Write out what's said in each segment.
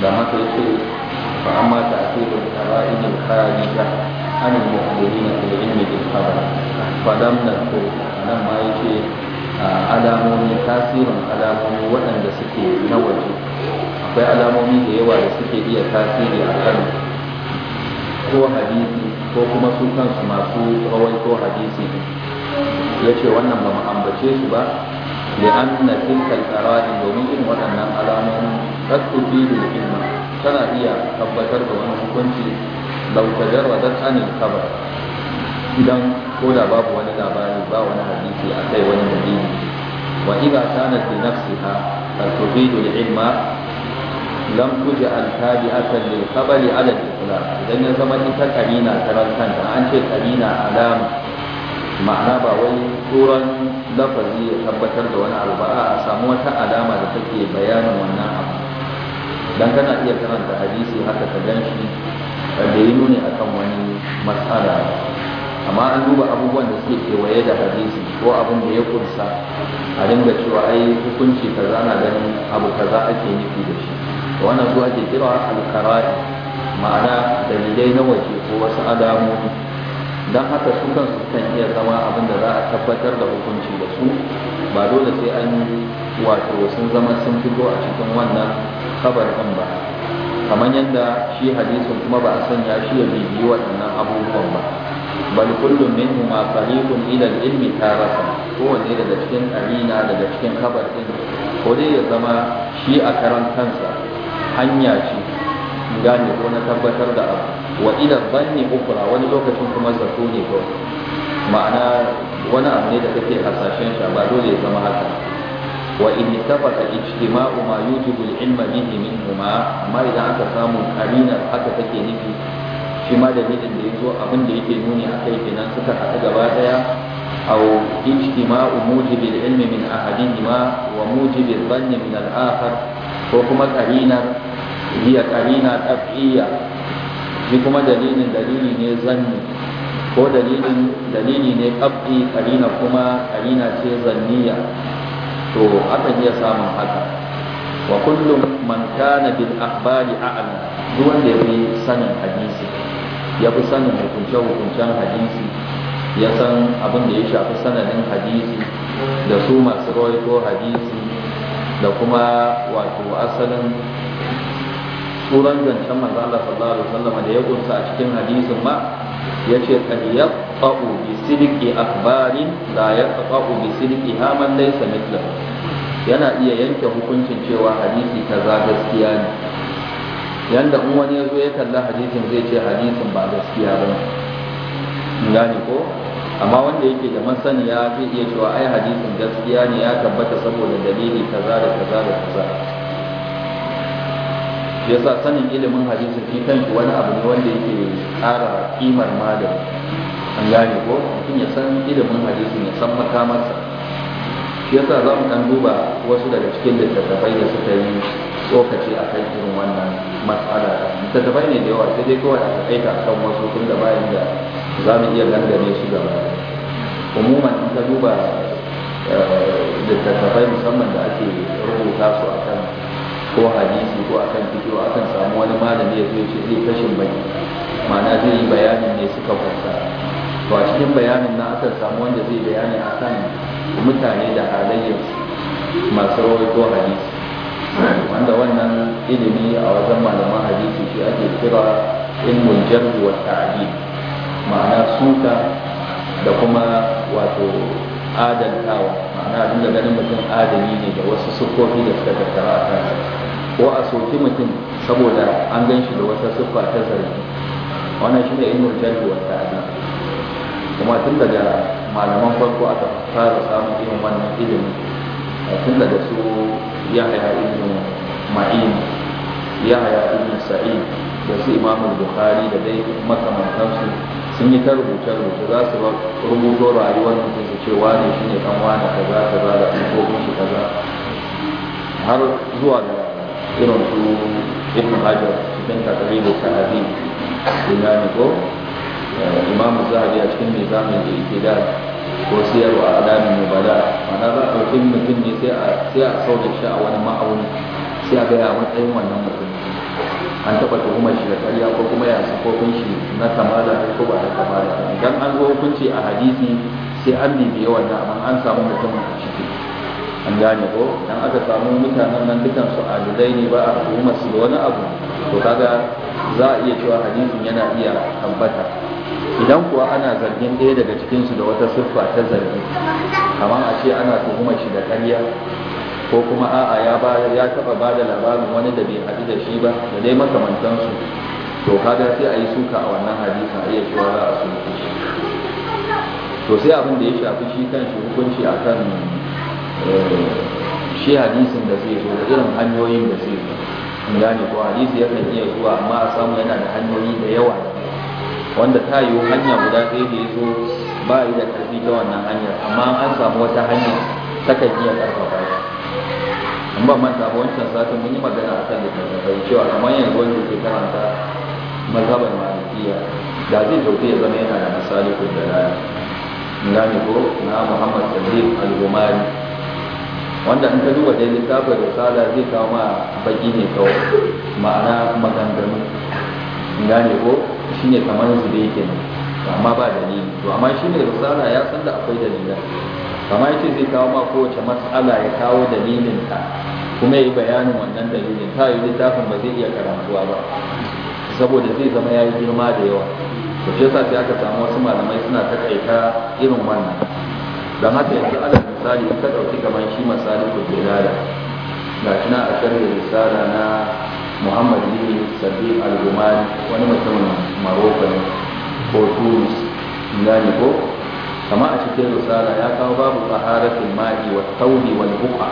da haka yake fa amma ta asiru qara'in al-kharija an al-mu'minin fil ilmi bil khabar fa lam nadkur nan ma yake alamomi tasirin alamomi waɗanda suke na waje akwai alamomi da yawa da suke iya tasiri a kan ko hadisi ko kuma su kansu masu ko hadisi ya ce wannan ba mu ambace su ba li'anna tilka al-qara'in domin irin waɗannan alamomi قد تفيد العلم tana iya tabbatar da wani hukunci lau tajarradat anil idan ko da babu wani labari ba wani hadisi kai wani dalili wa idza kanat bi nafsiha qad tufid al ilma lam tuj'al tabi'atan lil khabari ala al idan ya zama ita karina karan kanta an ce karina alama ma'ana ba wai turan lafazi ya tabbatar da wani abu ba a samu wata alama da take bayanin wannan abu dan kana iya karanta hadisi haka ka gan shi da ne nuni akan wani matsala amma an duba abubuwan da suke kewaye da hadisi ko abin da ya kunsa a dinga cewa ai hukunci kaza na ganin abu kaza ake nufi da shi wannan su ake kira alkarai ma'ana dalilai na waje ko wasu adamomi don haka su kansu kan iya zama abin da za a tabbatar da hukunci da su ba dole sai an yi wato sun zama sun fito a cikin wannan khabar ɗin ba kamar yadda shi hadisin kuma ba a sanya shi ya bibiyi waɗannan abubuwan ba bal kullum min ma qariqun ila al-ilmi ko kowanne daga cikin qarina daga cikin khabar ɗin ko dai ya zama shi a karan kansa hanya ce gane ko na tabbatar da abu wa ila banni ukra wani lokacin kuma zato ne ko ma'ana wani abu ne da kake hasashen shi ba dole ya zama haka وإن اتفق اجتماع ما يوجب العلم به منهما ما إذا أنت سام قرينا حتى تكي نفي شما دليل اللي يزوى أبن دليل نوني أكي كنا سكا حتى جبادايا أو اجتماع موجب العلم من أحدهما وموجب الظن من الآخر وكما قرينا هي قرينا تبعية لكما دليل دليل نزني ko dalilin dalili ne kabdi karina kuma karina ce zanniya to akan iya samun haka wa kullum man kana bil akhbari a'lam duk wanda yafi sanin hadisi Ya yafi sanin hukunce hukuncen hadisi ya san abin da ya shafi sanadin hadisi da su masu rawaito hadisi da kuma wato asalin tsoron zancen manzo Allah sallallahu alaihi wasallam da ya kunsa a cikin hadisin ma yace ce yaqta'u bi sidqi akhbarin la yaqta'u bi sidqi haman laysa mithla yana iya yanke hukuncin cewa hadisi ta za gaskiya ne yanda in wani ya zo ya kalla hadisin zai ce hadisin ba gaskiya ba gane ko amma wanda yake da masani ya zai iya cewa ai hadisin gaskiya ne ya tabbata saboda dalili kaza da kaza da kaza ya yasa sanin ilimin hadisi shi kanshi wani abu ne wanda yake ƙara kimar malami an gane ko mutum ya san ilimin hadisin ya san makamarsa shi yasa za mu ɗan duba wasu daga cikin littattafai da suka yi tsokaci a kan irin wannan matsala littattafai ne da yawa sai dai kawai a taƙaita kan wasu tun da bayan da za mu iya gangane su gaba umuman in ka duba eh, littattafai musamman da ake rubuta su a kan ko hadisi ko akan fito akan samu wani malami ya zo ce zai fashin baki ma'ana zai yi bayanin ne suka kwanta to a cikin bayanin na akan samu wanda zai bayani akan mutane da halayyar masu ko hadisi wanda wannan ilimi a wajen malaman hadisi shi ake kira in munjar wa ta'adi ma'ana suka da kuma wato adaltawa ma'ana abinda ganin mutum adami ne da wasu sukofi da suka tattara a kansa ko a soki mutum saboda an gan shi da wata siffa ta zargi wannan shi ne ilmul jarhi wa ta'ala kuma tun daga malaman farko aka fara samun irin wannan ilimi tun daga su haya ibn ma'in haya sa'id da su imamu bukhari da dai makamantansu sun yi ta rubuce rubuce za su rubuto rayuwar mutum su ce wane shi ne kan wane kaza kaza da kuma shi kaza har zuwa da irin su ibn hajar cikin takarir da sahabi imani ko eh, imam zahabi a cikin nizamin da ikidar ko siyarwa a adamin mubada mana za a ɗauki mutum ne sai a sau shi a wani ma'auni sai a gaya a matsayin wannan mutum an taɓa tuhumar shi da karya ko kuma ya sufofin shi na kamala ko ba da kamala idan an zo hukunci a hadisi sai an yawan wannan amma an samu mutum a ciki an gane ko dan aka samu mutanen nan dukan su adidai ne ba a tuhumar su da wani abu to kaga za a iya cewa hadisin yana iya tabbata idan kuwa ana zargin ɗaya daga cikin su da wata siffa ta zargi kamar a ce ana tuhumar shi da ƙarya ko kuma a'a ya ba ya taba ba da labarin wani da bai haɗu da shi ba da dai su. to kaga sai a yi suka a wannan hadisin a iya cewa za a suke shi to sai abin da ya shafi shi kan shi hukunci akan shi hadisin da zai zo da irin hanyoyin da zai zo in gane ko hadisi yakan iya zuwa amma a samu yana da hanyoyi da yawa wanda ta yiwu hanya guda ɗaya da ya zo ba yi da ƙarfi ta wannan hanyar amma an samu wata hanya takan iya ƙarfafa ya an ba manta ba wancan satin mun yi magana a kan littattafai cewa kamar yanzu wanda ke karanta mazhabar malikiya da zai dauke ya zama yana da misali ko da rana gane ko na muhammad sadiq al-gumari wanda in ka duba dai littafin risala zai kawo ma baki ne kawo, ma'ana maganganu gane ko Shi ne kamar su da yake amma ba dalili to amma shi ne risala ya san da akwai dalilan kama yace zai kawo ma kowace matsala ya kawo dalilin ta kuma yi bayanin wannan dalilin ta yi littafin ba zai iya karantuwa ba saboda zai zama ya yi girma da yawa to shi yasa sai aka samu wasu malamai suna takaita irin wannan don haka yanzu ala misali ta ɗauki kamar shi misali ko jelala ga shi a sharhi risala na muhammad bin sabi al gumani wani mutumin maroko ne ko tunis ne ko kama a cikin risala ya kawo babu taharatul ma'i wa tawli wal buqa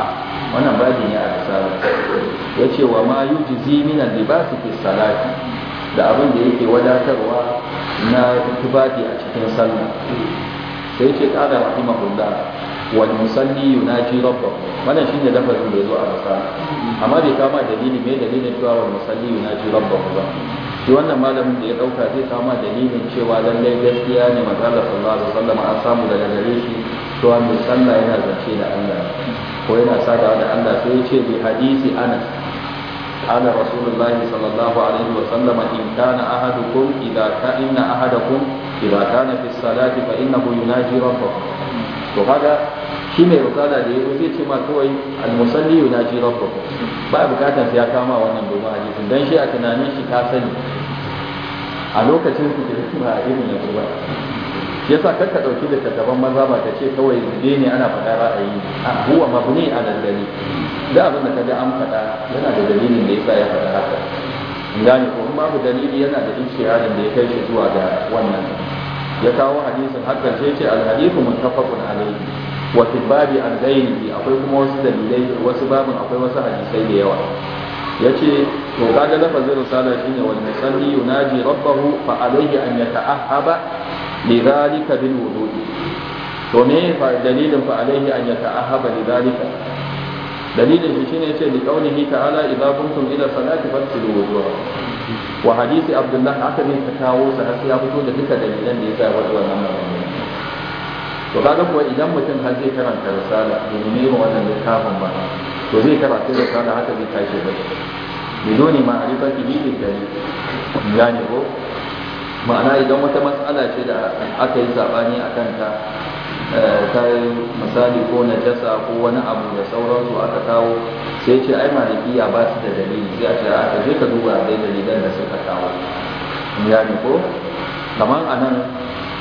wannan babi ne a risala yace wa ma yujzi min al-libasi fi salati da abin da yake wadatarwa na tubati a cikin sallah da yake kada rahimahullah wal musalli yunaji rabbahu wannan shine lafazin da yazo a rasa amma bai kama dalili mai dalilin cewa wal musalli yunaji rabbahu ba shi wannan malamin da ya dauka zai kama dalilin cewa lallai gaskiya ne manzo sallallahu alaihi wasallam an samu daga gare shi cewa mai sallah yana zance da Allah ko yana sadawa da Allah sai ya ce bi hadisi anas قال رسول الله صلى الله عليه وسلم إن كان أحدكم إذا كان أحدكم idza kana fi salati fa innahu yunaji rabbahu to kaga shi mai risala da yake zai ce ma kawai al-musalli yunaji rabbahu ba bukatar sai ya kama wannan domin hadisin dan shi a tunanin shi ka sani a lokacin su da ba a irin yanzu ba yasa kar ka dauki littattafan maza ba ka ce kawai zube ne ana faɗa ra'ayi a huwa mabni a dalili da abin da ga an faɗa yana da dalilin da yasa ya faɗa haka gane ko in babu dalili yana da ijtihadin da ya kai shi zuwa ga wannan ya kawo hadisin har karshe ce alhadisu muttafaqun alayhi wa fi babi an ghairihi akwai kuma wasu dalilai wasu babin akwai wasu hadisai da yawa yace to kaga lafazin risala shine wal musalli yunaji rabbahu fa alayhi an yata'ahhaba lidhalika bil wudu to me fa dalilin fa alayhi an yata'ahhaba lidhalika dalilin shi shine ce li qawlihi ta'ala idza kuntum ila salati fasilu wujuhakum wa hadisi abdullah aka ne ta kawo sa har ya fito da duka dalilan da yasa wajen wannan magana to kaga kuwa idan mutum har zai karanta risala yi nemi wannan littafin ba to zai karanta risala haka zai tashi ba ne ma بدون معرفة به Ya gane ko ma'ana idan wata matsala ce da aka yi sabani a kanta Eh, kayan misali ko najasa ko wani abu da sauransu aka kawo sai ce ai malikiya ba su da dalili sai a ce a ka je ka duba dai dalilan da suka kawo ya ne ko kamar a nan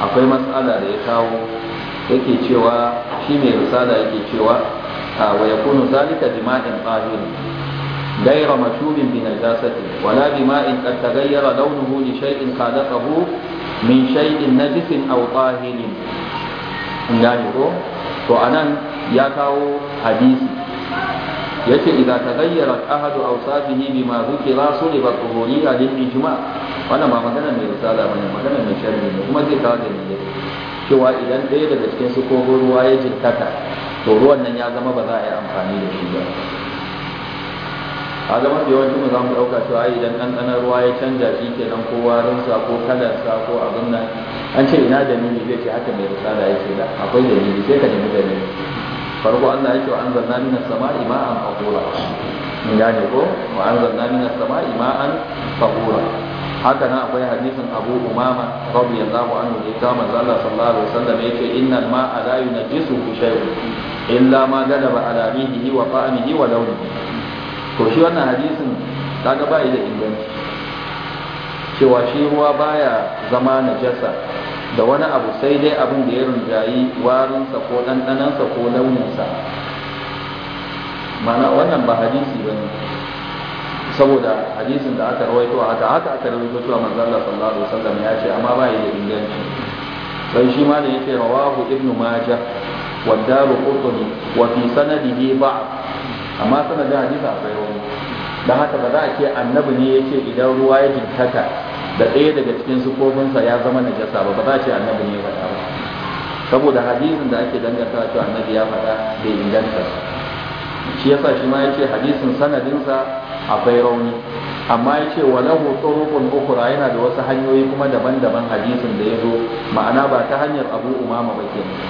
akwai matsala da ya kawo yake cewa shi mai risala yake cewa wa yakunu zalika jima'in qahir غير مشوب بنجاسته ولا بماء قد تغير لونه لشيء خالقه من شيء نجس أو طاهر ne ko to anan ya kawo hadisi yace idza tagayyara ahadu awsafihi bima dhukira suliba tuhuriya lil ijma wannan ba magana mai risala ne magana mai sharri ne kuma zai kawo dalili cewa idan ɗaya daga cikin su ruwa ya jinkata to ruwan nan ya zama ba za a yi amfani da shi ba a zama da yawancin mu za mu ɗauka cewa idan ɗanɗanar ruwa ya canza shi ke nan ko warin sa ko kalarsa ko abin nan an ce ina dalili zai ce haka mai risala yake da akwai dalili sai ka nemi dalili farko Allah ya ce wa anzalna minas sama'i ma'an faqura mun gane ko wa anzalna minas sama'i ma'an faqura haka nan akwai hadisin Abu Umama radiyallahu anhu da ya manzo Allah sallallahu alaihi wasallam yake innal ma'a la yunajjisu shay'un illa ma gadaba ala rihihi wa ta'amihi wa lawnihi to shi wannan hadisin ga ba da inganci cewa shi ruwa baya zama na najasa da wani abu sai dai abin da ya rinjayi warinsa ko ɗanɗanansa ko launinsa mana wannan ba hadisi ba ne saboda hadisin da aka rawaito a haka aka rawaito cewa manzo Allah sallallahu alaihi ya ce amma ba yi da inganci sai shi ma da yake rawahu ibnu majah wa daru qutni wa fi sanadihi ba'd amma sanadin hadisi akwai wani don haka ba za a ce annabi ne ya ce idan ruwa ya jinkata da ɗaya daga cikin sukofinsa ya zama najasa ba ba za a ce annabi ne ya faɗa ba saboda hadisin da ake dangantawa cewa annabi ya faɗa bai inganta shi yasa shi ma ya ce hadisin sanadinsa akwai rauni amma ya ce wa lahu turuqun ukhra yana da wasu hanyoyi kuma daban-daban hadisin da ya zo ma'ana ba ta hanyar Abu Umama ba kenan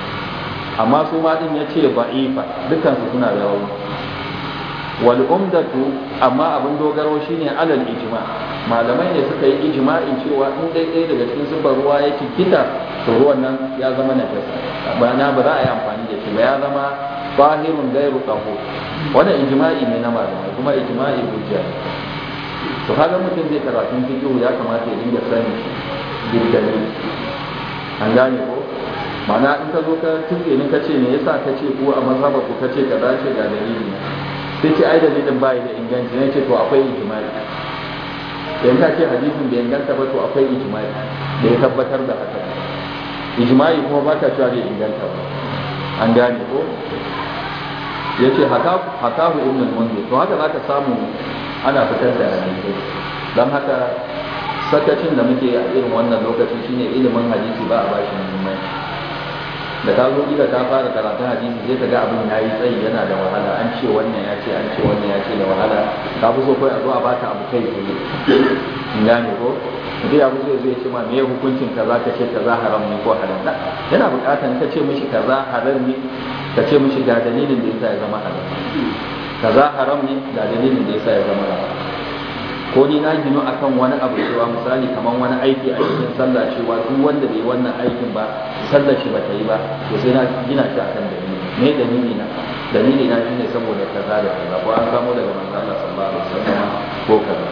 amma su ma din ya ce ba'ifa dukansu suna da rauni wal umdatu amma abin dogaro shine alal ijma malamai ne suka yi ijma'in cewa in daidai daga cikin zubar ruwa ya kita to ruwan nan ya zama na ba na ba za a yi amfani da shi ba ya zama zahirun gairu tahur wannan ijma'i ne na malamai kuma ijma'i hujja to haka mutum zai karatun fiqh ya kamata ya dinga sani giddani an gane ko ma'ana in ka zo ka tuke ni ka ce me yasa ka ce ko a mazhabar ku ka ce ka dace ga dalili sai ce ai dalilin bai da inganci ne ce to akwai ijimai Yanzu ta ce hadisin bai inganta ba to akwai ijimai da ya tabbatar da haka ijimai kuma ba ta cewa bai inganta ba an gane ko ya ce haka ku ibn al-munzir to haka zaka samu ana fitar da hadisi dan haka sakacin da muke a irin wannan lokacin shine ilimin hadisi ba a bashi muhimmanci da ka zo kila ka fara karatu hadisi sai ka ga abin yi tsayi yana da wahala an ce wannan ya ce an ce wannan ya ce da wahala ka fi so kai a zo a baka abu kai tsaye in gane ko duk abu zai zo ya ce ma me hukuncin kaza ka ce kaza haram ne ko halal da yana bukatan ka ce mishi kaza halal ne ka ce mishi ga dalilin da yasa ya zama halal kaza haram ne ga dalilin da yasa ya zama haram ko ni na gino akan wani abu cewa misali kamar wani aiki a cikin sallah cewa duk wanda bai wannan aikin ba sallar shi ba ta yi ba to sai na gina shi akan dalili me dalili na dalili na shine saboda kaza da kaza ko an samu daga manzo Allah sallallahu alaihi wasallam ko kaza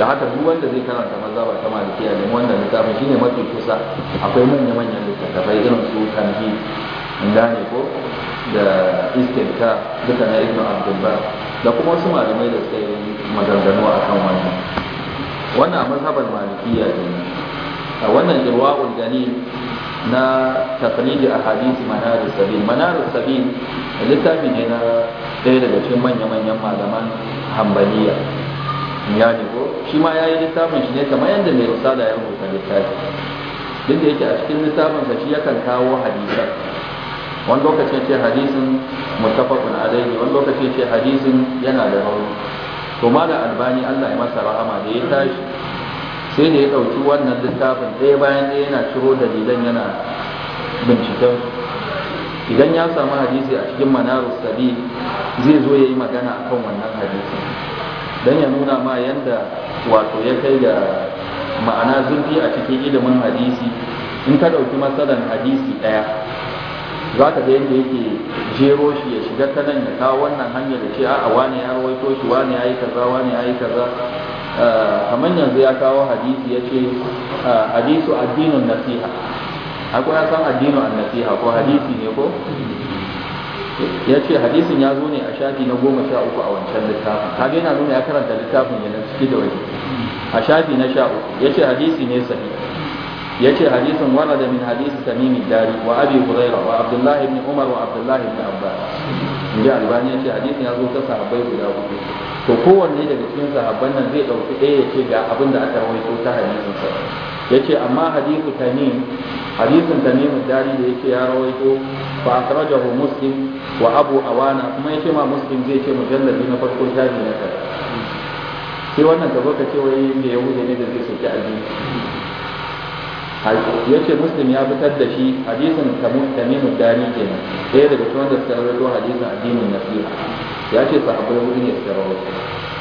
da haka duk wanda zai karanta mazhaba ta ya da wanda littafin shine mafi kusa akwai manya manyan littattafai irin su tanhi in gane ko da istinka duka na ibnu abdul bar da kuma wasu malamai da suka yi maganganu a kan wannan wannan a mazhabar malikiya ne a wannan irwa'ul gani na taklidi a hadisi manar Sabin. manar Sabin littafi ne na ɗaya daga cikin manya-manyan malaman hambaliya ya ne ko shi ma ya yi littafin shi ne kamar yadda mai da ya rubuta littafi duk da yake a cikin littafin sa shi yakan kawo hadisan wani lokacin ce hadisin mutafakun alaihi wani lokacin ce hadisin yana da rauni to malam albani Allah ya masa rahama da ya tashi sai da ya ɗauki wannan littafin ɗaya bayan ɗaya yana ciro dalilan yana binciken idan ya samu hadisi a cikin manarar sabi zai zo ya yi magana akan wannan hadisi don ya nuna ma yadda wato ya kai da ma'ana zurfi a cikin ilimin hadisi in ka ɗauki matsalan hadisi ɗaya za ka ga yadda yake jero shi ya shiga ta nan ya kawo wannan hanyar da ce a'a wani ya rawaito shi wani ya yi kaza wani ya yi kaza ah, kamar yanzu ya kawo hadisi ya ce ah, hadisu addinin nasiha akwai ya san addinin nasiha ko hadisi ne ko ya ce hadisin ya zo ne a shafi na goma sha uku a wancan littafin kaga yana ne a karanta littafin yana ciki da wani a shafi na sha uku ya ce hadisi ne sahihi yace hadisin warada min hadisi tamim dari wa abi hurairah wa abdullah ibn umar wa abdullah ibn abbas inda albani yace hadisin ya zo ta sahabbai guda uku to kowanne daga cikin sahabban nan zai dauki ɗaya yace ga abin da aka rawaito ta hadisin sa yace amma hadisu tamim hadisin tamim dari da yake ya rawaito fa akhrajahu muslim wa abu awana kuma yace ma muslim zai ce mujalladi na farko shafi na kai. sai wannan ka zo ka ce wai da yahuda ne da zai soki addini Yace muslim ya fitar da shi hadisin tamimu dari kenan ɗaya daga cikin wanda suka rawaito hadisin addinin nasiha ya ce sahabbai hudu ne suka rawaito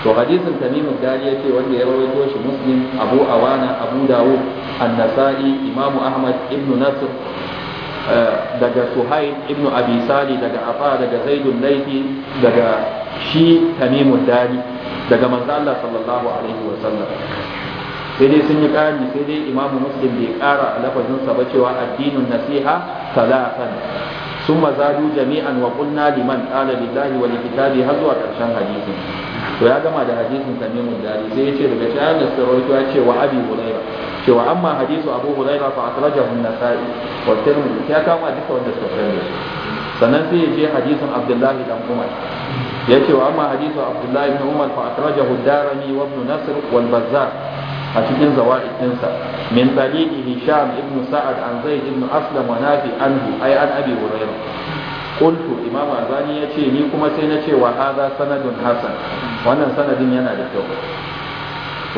to hadisin tamimu dari ya ce wanda ya rawaito shi muslim abu awana abu dawud an-nasa'i imamu ahmad ibnu nasr eh, daga suhail ibnu abi sali daga afa daga zaidun laifi daga shi tamimu dari daga manzo Allah sallallahu alaihi wa sai dai sun yi ƙari sai dai imamu muslim bai ƙara lafazinsa ba cewa addinin nasiha salatan sun mazadu jami'an wa kunna liman ƙala lillahi wa likitabi har zuwa ƙarshen hadisin to ya gama da hadisin tamimun dari sai ya ce daga shayar da sarauta ya ce wa abi huraira cewa amma hadisu abu huraira fa akhrajahu an-nasa'i wa tirmidhi ya kama duka wanda suka fara sannan sai ya je hadisin abdullahi dan umar ya ce wa amma hadisu abdullahi ibn umar fa akhrajahu ad-darimi wa ibn nasr wal bazzar a cikin zawaid dinsa min tariqi hisham ibn sa'ad an zaid ibn aslam wa nafi anhu ai an abi hurairah qultu imam ya ce ni kuma sai na ce wa hadha sanadun hasan wannan sanadin yana da kyau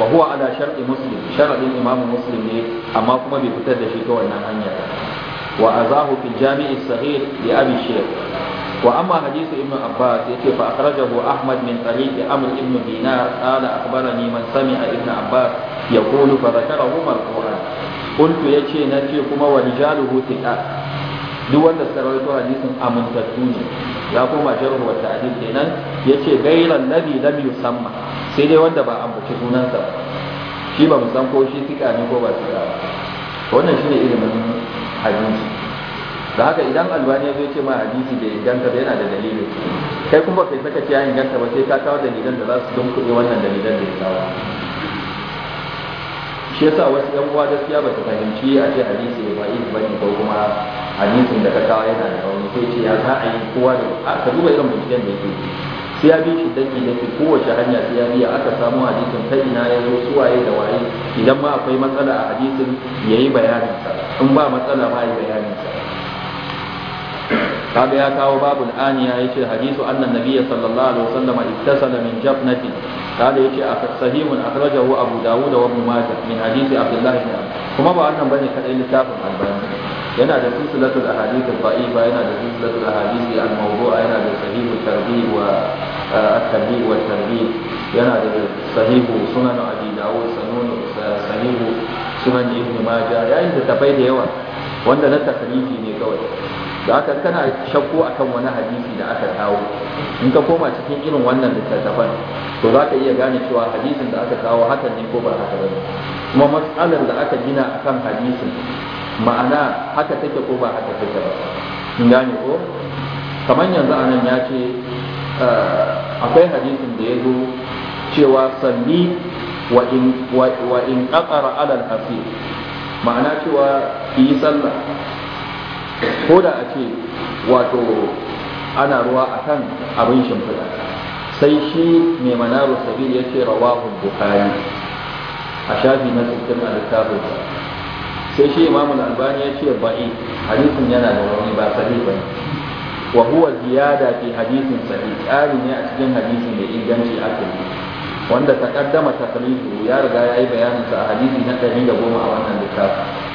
wa huwa ala shar'i muslim sharadin imam muslim ne amma kuma bai fitar da shi ta wannan hanya wa azahu fil jami'i sahih li abi shaykh wa amma hadisi ibn abbas yace fa akhrajahu ahmad min tariqi amr ibn dinar qala akhbarani man sami'a ibn abbas yaqulu fa dhakara huma al-quran qultu yace nace kuma wa rijaluhu tiqa duk wanda sarauto hadisin amintattu ne ya kuma jarhu wa ta'dil kenan yace gairan nabi lam yusamma sai dai wanda ba ambaci sunansa ba shi ba san ko shi tiqa ne ko ba tiqa ba wannan shine ilimin abinci. da haka idan albani ya zo ce ma hadisi da inganta ba yana da dalilin kai kuma kai saka ciya inganta ba sai ka kawo dalilan da za su don kudi wannan dalilan da ya kawo shi yasa wasu yan uwa gaskiya ba su fahimci a ce hadisi ya ba ba ne ko kuma hadisin da ka kawo yana da rauni sai ce ya za a yi kowa da ka duba irin binciken da yake sai ya bi shi daki ke, kowace hanya sai ya biya aka samu hadisin ta ina ya zo suwaye da waye idan ma akwai matsala a hadisin ya yi bayaninsa in ba matsala ma ya yi bayaninsa kaga ya kawo babul aniya yace hadisu annan nabiyyi sallallahu alaihi wasallam ittasala min jafnati kaga yace sahihun akhrajahu abu dawud wa ibn majah min hadisi abdullah ibn kuma ba wannan bane kadai littafin albani yana da silsilatul ahadith al-da'ifa yana da silsilatul ahadith al-mawdu'a yana da sahihul tarhib wa at-tarhib wa tarhib yana da sahihu sunan abi dawud sunan sahihu sunan ibn majah yayin da tafai da yawa wanda na takriji ne kawai da haka kana shakku akan wani hadisi da aka kawo in ka koma cikin irin wannan littattafan to za ka iya gane cewa hadisin da aka kawo haka ne ko ba haka ba kuma matsalar da aka gina akan hadisin ma'ana haka take ko ba haka take ba in gane ko kamar yanzu anan ya ce ah, akwai hadisin da ya zo cewa salli wa in ƙaƙara ala al ma'ana cewa yi sallah ko da a ce wato ana ruwa kan abin shimfiɗa sai shi mai manaru sabir ya ce rawa bukhari a shafi na sittin a littafin sai shi imamul albani ya ce ba'i hadisin yana da rauni ba sahih ba wa huwa ziyada fi hadisin sahih tsari ne a cikin hadisin da inganci aka yi wanda ta kaddama taqlidu ya riga ya yi bayanin a hadisi na ɗari da goma a wannan littafin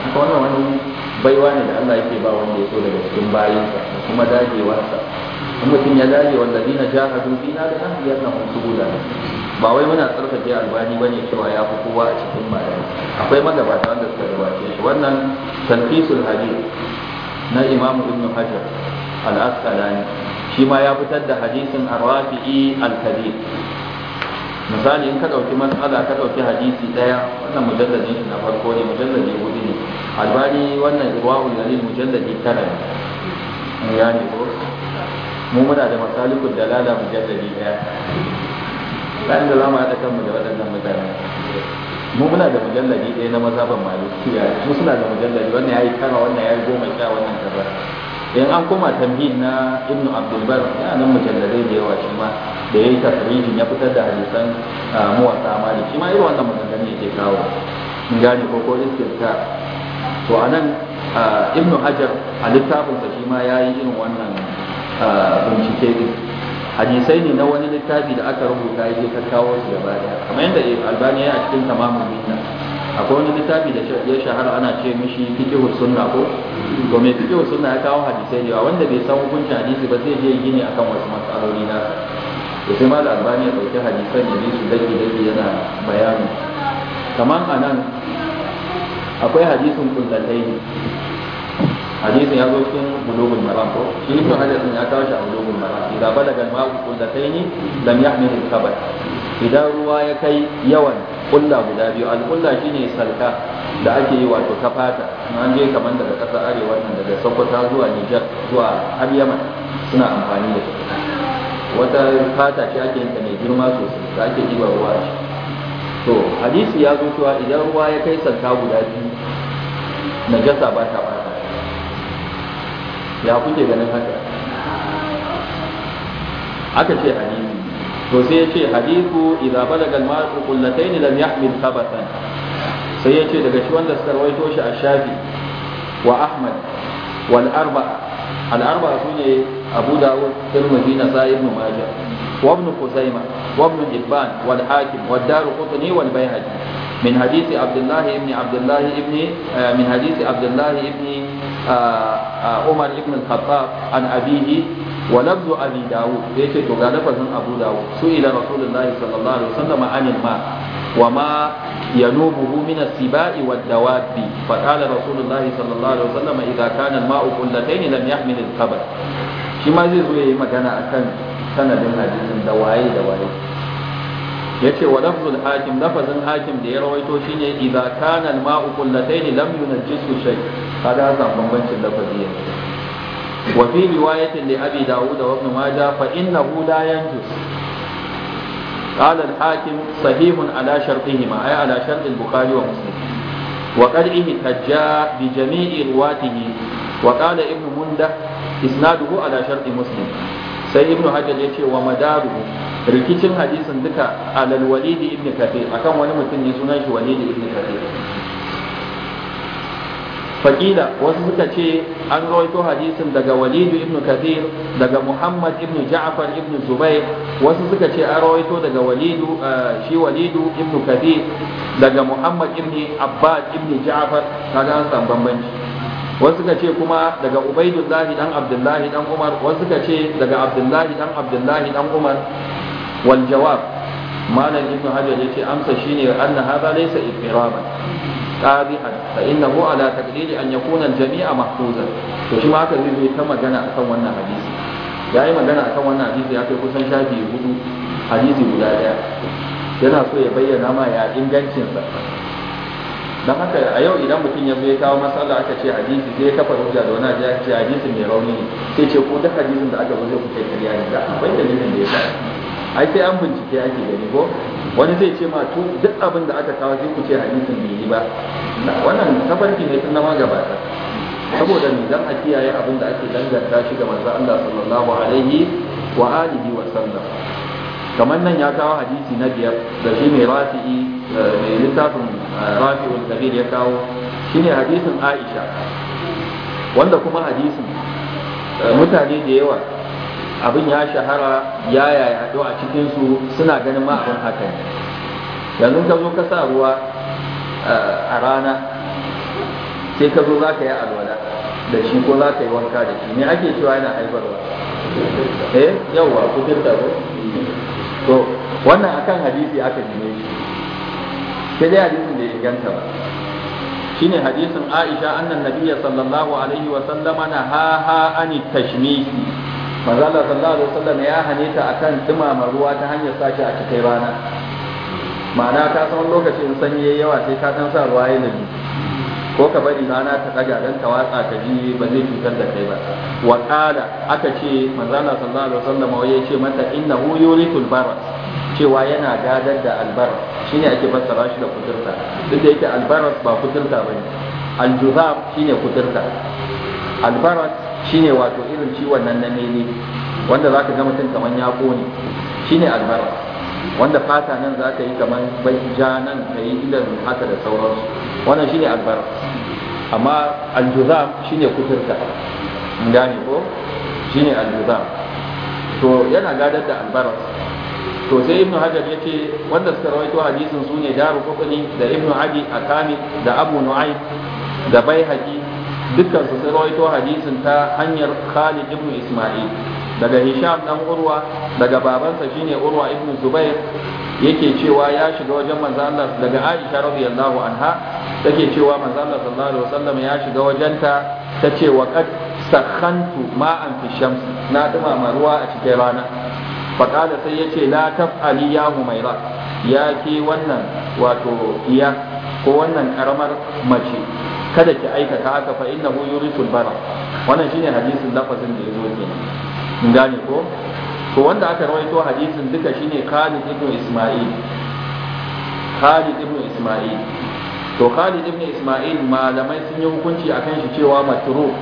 kuma wannan wani baiwa ne da Allah yake ba wanda ya so daga cikin bayinsa da kuma dagewarsa in mutum ya dage wanda dina jahadu bina da an biyar na subula ba wai muna tsarkake albani bane cewa ya fi kowa a cikin malami akwai magabata wanda suka gabace shi wannan tanfisul hadith na imam ibn hajar al-asqalani shi ma ya fitar da hadisin arwafi'i al-kadir misali in ka ɗauki matsala ka dauki hadisi ɗaya wannan mujalladin shi na farko ne mujalladi albani wannan da lil mujalladi tara ne ya ne ko mu muna da masalikul dalala mujalladi daya dan da zamu haɗa kanmu da waɗannan mutane mu muna da mujalladi ɗaya na mazhaban ya mu suna da mujalladi wannan yayi tara wannan yayi goma sha wannan kaza in an koma tambayin na ibn abdul bar ya nan mujalladai da yawa shi ma da yayi tafrijin ya fitar da hadisan ah, muwatta maliki ma irin wannan ne yake kawo in ko ko istirka to a nan, ibnu hajar a littafinsa shi ma ya yi irin wannan bincike ne hadisai ne na wani littafi da aka rubuta ya ta kawo su gaba daya kamar yadda albani ya a cikin tamamin minna akwai wani littafi da ya shahara ana ce mishi fiqh sunna ko to mai fiqh sunna ya kawo hadisai da wanda bai san hukuncin hadisi ba zai je gini akan wasu matsaloli na to sai ma albani ya dauki hadisan ya bi su daki yana bayani kamar anan akwai hadisin kullatai hadisin ya zo cikin bulugul maram ko shi ne hadisin ya kawo shi a bulugul maram ba daga ma mau ne dan ya al kabar idan ruwa ya kai yawan kulla guda biyu al-kulla shine salka da ake yi wato ta fata an je kaman daga ƙasar arewa nan daga Sokoto zuwa Niger zuwa har Yaman suna amfani da wata fata ce ake yin ta mai girma sosai da ake jiba ruwa shi to hadisi ya zo cewa idan ruwa ya kai santa guda biyu najasa ba ta ba ya kuke ganin haka aka ce hadisi to sai ya ce hadisu ba balaga galma kullatai ne lam yahmil khabathan sai ya ce daga shi wanda suka rawaito shi a shafi wa ahmad wal arba al arba'a sune abu dawud tirmidhi nasai ibn majah وابن خزيمة وابن حبان والحاكم والدار قطني والبيهقي من حديث عبد الله بن عبد الله بن من حديث عبد الله بن عمر بن الخطاب عن أبيه ولفظ أبي داود ليش تقال لفظ أبو داود سئل رسول الله صلى الله عليه وسلم عن الماء وما ينوبه من السباء والدواب فقال رسول الله صلى الله عليه وسلم إذا كان الماء قلتين لم يحمل الخبر شما زي زي مكان أكن sanadin hadisin da waye da waye yace wa lafzul hakim lafazin hakim da ya rawaito shine idza kana al-ma'u qullatayn lam yunajjisu shay kada san bambancin lafazi wa fi riwayatin li abi daud wa ibn majah fa innahu la yanjus قال الحاكم صحيح على شرطهما أي على شرط البخاري ومسلم وقد احتج بجميع رواته وقال ابن منده إسناده على شرط مسلم sai ibnu hajar ya ce wa madaru rikicin hadisin duka alal walidi ibn akan wani mutum ne sunan shi walidi ibn kafir fakila wasu suka ce an rawaito hadisin daga walidu ibn kathir daga muhammad ibn ja'far ibn zubair wasu suka ce an rawaito daga walidu eh, shi walidu ibn kathir daga muhammad ibn abbas ibn ja'far kaga an bambanci wasu ka ce kuma daga ubaidullahi dan abdullahi dan umar wasu ka ce daga abdullahi dan abdullahi dan umar wal jawab malam ibnu hajar yace amsa shine anna hadha laysa iframan qadihan fa innahu ala taqdiri an yakuna al jami'a mahfuzan to shi ma zai ta magana akan wannan hadisi yayi magana akan wannan hadisi ya kai kusan shafi hudu hadisi guda daya yana so ya bayyana ma ya ingancin sa don haka a yau idan mutum ya zo kawo matsala aka ce hadisi zai kafa hujja da wani ya ce hadisi mai rauni sai ce ko duk hadisin da aka zo kuke kariya ne da akwai dalilin da ya sa ai sai an bincike ake gani ko wani zai ce ma to duk abin da aka kawo zai kuce hadisin bai yi ba wannan tafarki ne tun na magabata saboda ni dan a kiyaye abin da ake danganta shi ga manzo Allah sallallahu alaihi wa alihi wa sallam kamar nan ya kawo hadisi na biyar da shi mai rafi'i mai littafin eh, rafi'ul kabir ya kawo shine hadisin aisha wanda kuma hadisin eh, mutane da yawa abin ya shahara ya yaɗo a cikinsu suna ganin ma abin haka yanzu ka zo ka sa ruwa eh, a rana sai ka zo za ka yi alwala da shi ko za ka yi wanka da shi ne ake cewa yana haifarwa eh yawwa ku tirta to wannan akan hadisi aka nime shi sai dai hadisin da inganta ba shine hadisin Aisha annan nabiyya sallallahu alaihi wa sallama na ha ha ani tashmiki manzo sallallahu alaihi sallama ya hane ta akan dumama ruwa ta hanyar sashi a cikin rana ma'ana ka san lokaci in sanyi yayi yawa sai ka dan sa ruwa ya bi ko ka bari rana ta daga dan ka watsa ka ji ba zai cutar da kai ba wa qala aka ce manzo sallallahu alaihi Wai ya ce mata innahu yuritul baras cewa yana gadar da albar shine ake fassara shi da kudurta duk da yake albar ba kuturta bane aljuzab shine albar shi shine wato irin ciwon nan na mene wanda ka ga mutum kaman ya kone shine albar wanda fata nan za ka yi kaman ja nan ka yi idan haka da sauransu wannan shine albar amma aljuzab shine kuturta gane ko shine aljuzab to yana gadar da albarat to sai ibnu hajar ce wanda suka rawaito hadisin su ne daru da ibnu abi akami da abu nu'ai da haji dukkan su sai rawaito hadisin ta hanyar khalid ibnu isma'il daga hisham dan urwa daga babansa shine urwa ibnu zubair yake cewa ya shiga wajen manzo Allah daga Aisha radiyallahu anha take cewa manzo Allah sallallahu alaihi wasallam ya shiga wajenta ta ce wa qad sakhantu ma'an fi shams na dumama ruwa a cikin rana faƙada sai ya ce la taf'ali ya humaira ya ke wannan wato iya ko wannan karamar mace kada ki aikata haka fa hu yurisul bara wannan shine hadisin lafazin da yazo kenan gane ko to wanda aka rawaito hadisin duka shine Khalid ibn Isma'il Khalid ibn Isma'il to Khalid ibn Isma'il malamai sun yi hukunci akan shi cewa matru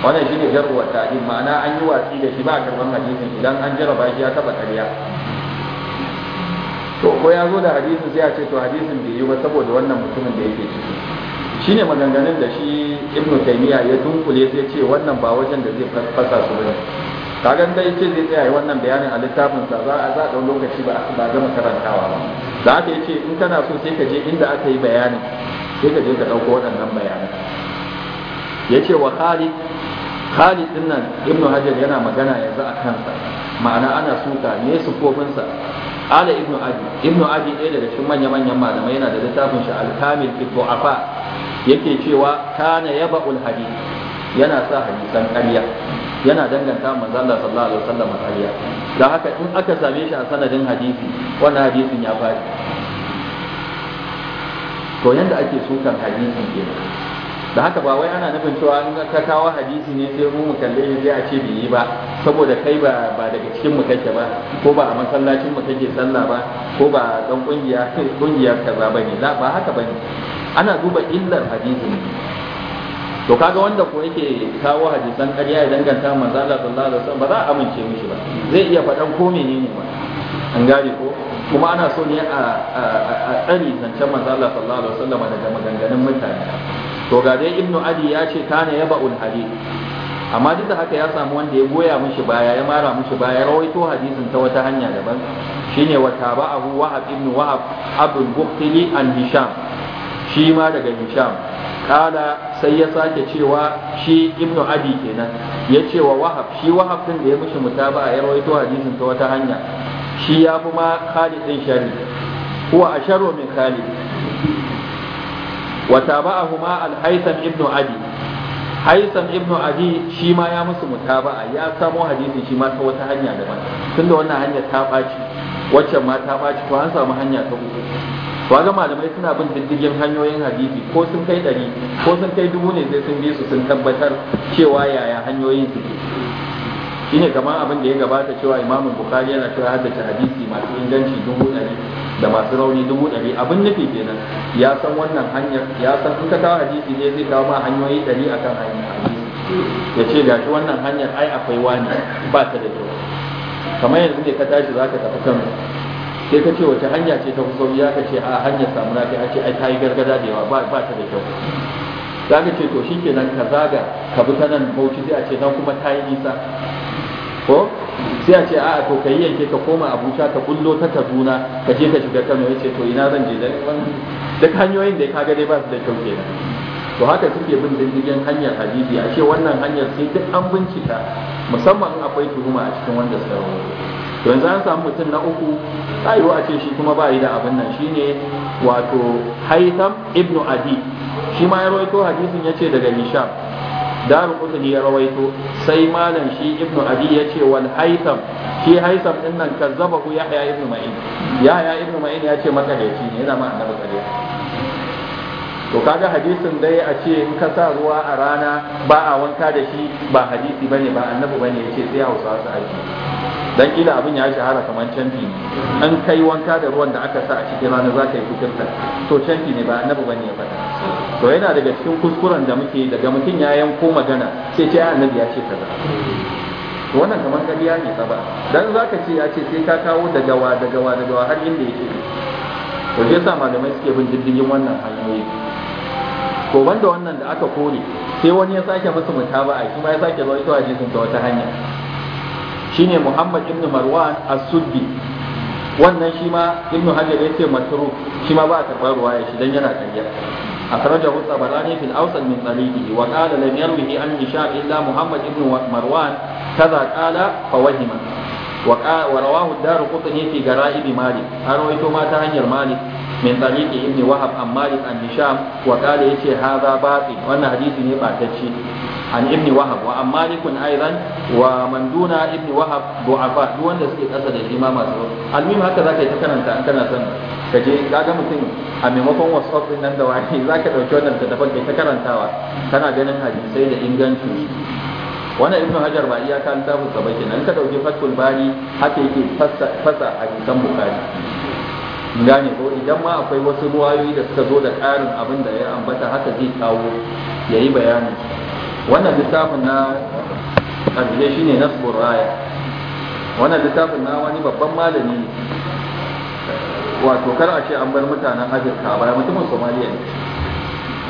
wannan shine jarru wa ta'dil ma'ana an yi watsi da shi ba karban hadisin idan an jarraba shi ya taba kariya to ko ya zo da hadisin sai a ce to hadisin bai yi ba saboda wannan mutumin da yake ciki shine maganganun da shi ibnu taymiya ya dunkule sai ce wannan ba wajen da zai fasa su ba kagan dai ce zai tsaya wannan bayanin a littafin sa za a za ɗau lokaci ba ba gama karantawa ba za ka ce, in kana so sai ka je inda aka yi bayanin sai ka je ka ɗauko waɗannan bayanan yace wa Khalid khalid din nan ibnu hajar yana magana yanzu a kansa ma'ana ana suka ne sufofinsa ala ibnu adi ibnu adi ɗaya daga cikin manya manyan malamai yana da littafin shi al-kamil fi du'afa yake cewa kana yaba'ul hadith yana sa hadisan ƙarya yana danganta manzon Allah sallallahu alaihi wasallam ƙarya dan haka in aka same shi a sanadin hadisi wannan hadisin ya fadi to yanda ake sukan hadisin kenan da haka ba wai ana nufin cewa in ka kawo hadisi ne sai mu kalle shi sai a ce bai yi ba saboda kai ba ba daga cikin mu kake ba ko ba a masallacin mu kake sallah ba ko ba dan kungiya kungiya kaza bane la ba haka bane ana duba illar hadisi ne to kaga wanda ko yake kawo hadisan ƙarya ya danganta manzo Allah sallallahu alaihi wasallam ba za a amince mishi ba zai iya faɗan ko menene ba an gane ko kuma ana so ne a tsari zancen manzo Allah sallallahu alaihi wasallam daga maganganun mutane to ga dai ibnu adi ya ce kana yaba ul hadith amma duk da haka ya samu wanda ya goya mishi baya ya mara mishi baya rawaito hadisin ta wata hanya daban shine wa tabahu wahab Ibnu wahab abul buqtili an hisham shi ma daga hisham kala sai ya sake cewa shi Ibnu adi kenan ya ce wa wahab shi wahab din da ya mishi mutaba'a ya rawaito hadisin ta wata hanya shi ya fi ma khalid din shari huwa asharu min khalid wa tabi'ahuma al-haytham ibn adi haisan ibnu adi shi ma ya musu mutaba'a ya samo hadisi shi ma ta wata hanya daban tunda wannan hanya ta baci waccan ma ta ɓaci to an samu hanya ta hudu to ga malamai suna bin diddigin hanyoyin hadisi ko sun kai ɗari ko sun kai dubu ne sai sun bi su sun tabbatar cewa yaya hanyoyin su shine kamar abin da ya gabata cewa imamu bukhari yana cewa haddace hadisi masu inganci dubu da masu rauni dubu ɗari abin nufi kenan ya san wannan hanyar ya san in ka kawo hadisi ne zai kawo ma hanyoyi ɗari akan hanyar hadisi ya ce gashi wannan hanyar ai akwai wani ba ta da kyau kamar yanzu ne ka tashi za ka tafi kan sai ka ce wace hanya ce ta kusa ya ka ce a hanyar samu na a ce ai ta yi gargada da yawa ba ta da kyau za ka ce to shi kenan ka zaga ka bi ta nan bauchi sai a ce nan kuma ta yi nisa ko sai a ce a to kai yanke ka koma abuja ka kullo ta kaduna ka je ka shiga kano ya ce to ina zan je duk hanyoyin da ka ga dai ba su da kyau kenan to haka suke bin diddigin hanyar hadisi a ce wannan hanyar sai duk an bincika musamman akwai tuhuma a cikin wanda suka to yanzu an samu mutum na uku tsayewa a ce shi kuma ba yi da abin nan shine wato haitam ibnu adi shi ma ya rawaito hadisin ya ce daga hisham daru kutuli ya rawaito sai malam shi ibnu abi ya ce wal haitham shi haitham din nan kazzabahu yahya ibnu ma'in yahya ibnu ma'in ya ce maka ne yana ma annabi kariya to kaga hadisin dai a ce in ka sa ruwa a rana ba a wanka da shi ba hadisi bane ba annabi bane yace sai a wasu wasu aiki dan kila abin ya shahara kamar canfi an kai wanka da ruwan da aka sa a cikin rana za ka yi kukurta to canfi ne ba annabi bane ya faɗa to yana daga cikin kuskuren da muke daga mutum ya yanko magana sai ce annabi ya ce kaza wannan kamar ƙarya ne ba dan zaka ce ya ce sai ka kawo da gawa da gawa da gawa har inda yake to shi yasa malamai suke bin diddigin wannan hanyoyi to banda wannan da aka kore sai wani ya sake musu mutaba'a kuma ya sake zo ita hadisin ta wata hanya shine Muhammad ibn Marwan As-Suddi wannan shi ma ibn Hajar yace matru shi ma ba ta faruwa ya shi dan yana kariya akhrajahu Tabarani fil Awsat min talihi wa qala lam an yasha illa Muhammad ibn Marwan kaza qala fa wahima wa rawahu Daruqutni fi gara'ibi Malik an ma ta hanyar Malik min tsariki Ibni wahab an malik an hisham wa yace haza batil wannan hadisi ne batacce an Ibni wahab wa an malik aidan wa man duna ibn wahab du'afa duk wanda suke kasa da imam masu almim haka zaka yi ta karanta an kana san ka je kaga mutum a maimakon wasaf din nan da wani zaka ɗauki wannan ta daban kai ta karantawa kana ganin hadisai da ingancin wannan ibnu hajar ba iyaka littafin sa ba nan ka dauki fatul bari haka yake fasa hadisan bukhari gane ko idan ma akwai wasu ruwayoyi da suka zo da ƙarin abin da ya ambata haka zai kawo ya yi bayani wannan littafin na ƙarshe shi ne na raya wannan littafin na wani babban malami ne wato kar a ce an bar mutanen afirka bayan mutumin somaliya ne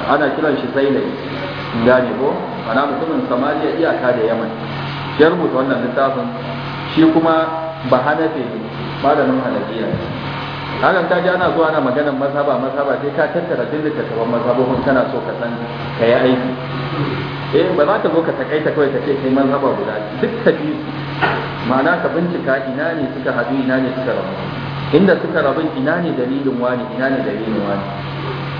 ana kiran shi sai zainai gane ko ana mutumin somaliya iyaka da yaman ya rubuta wannan littafin shi kuma ba hanafi malamin halajiya ne hakan ta ana zuwa ana maganar mazhaba mazhaba sai ka tattara duk littattafan mazhabobin kana so ka san ka yi aiki eh ba za ta zo ka takaita kawai ka ce kai mazhaba guda duk ka bi ma'ana ka bincika ina ne suka haɗu ina ne suka rabu inda suka rabu ina ne dalilin wani ina ne dalilin wani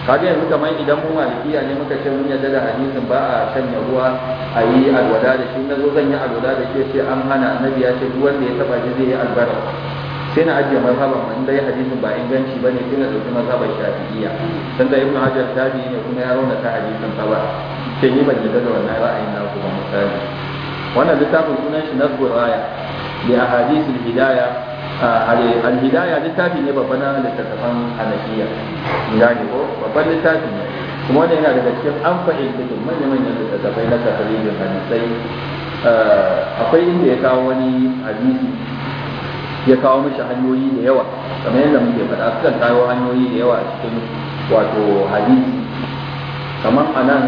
kaga yanzu kamar idan mu malikiya ne muka ce mun yadda da hadisin ba a sanya ruwa a yi alwada da shi na zo zan yi alwada da shi sai an hana annabi ya ce duk wanda ya taba shi zai yi albara sai na ajiye mazhaban man dai hadisin ba inganci ba ne sai na ɗauki mazhaban shafi'iyya san da ibnu hajar tabi'i ne kuma ya ta hadisin ba ke ni ban yadda da wannan ra'ayin naku ba misali wannan littafin sunan shi nasbu raya li ahadithil hidaya al-hidaya littafi ne babban na littattafan hanafiya gane ko babban littafi ne kuma wannan yana daga cikin an fahimta manya-manyan littattafai na tafsirin hadisai akwai inda ya kawo wani hadisi ya kawo mishi hanyoyi da yawa kamar yadda muke faɗa sukan kawo hanyoyi da yawa a cikin wato hadisi kamar a nan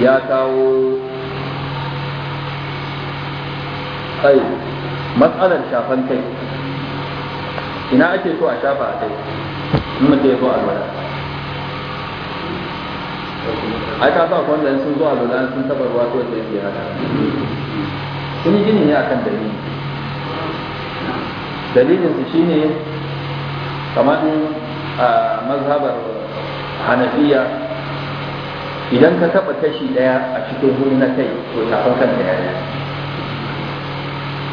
ya kawo kai matsalar shafan kai ina ake so a shafa a kai in mutum ya zo alwala ai ka sa wanda sun zo alwala sun taɓa ruwa ko da yake haka sun gini ne akan dalili dalilin su ne kamar a mazhabar hanafiya idan ka taba tashi ɗaya a cikin huri na kai to tafin kan da yi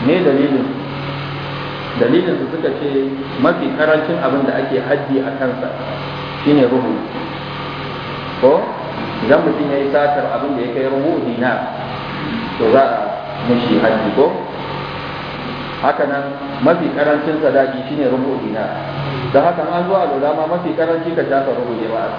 ne dalilin dalilin su suka ce mafi karancin abin da ake haddi a kansa shine ruhu ko idan mutum ya yi satar abin da ya kai ruhu dina to za a mishi haddi ko haka nan mafi karancin sadaki shine rubu dina da haka an zuwa lura ma mafi karanci ka shafa rubu ba.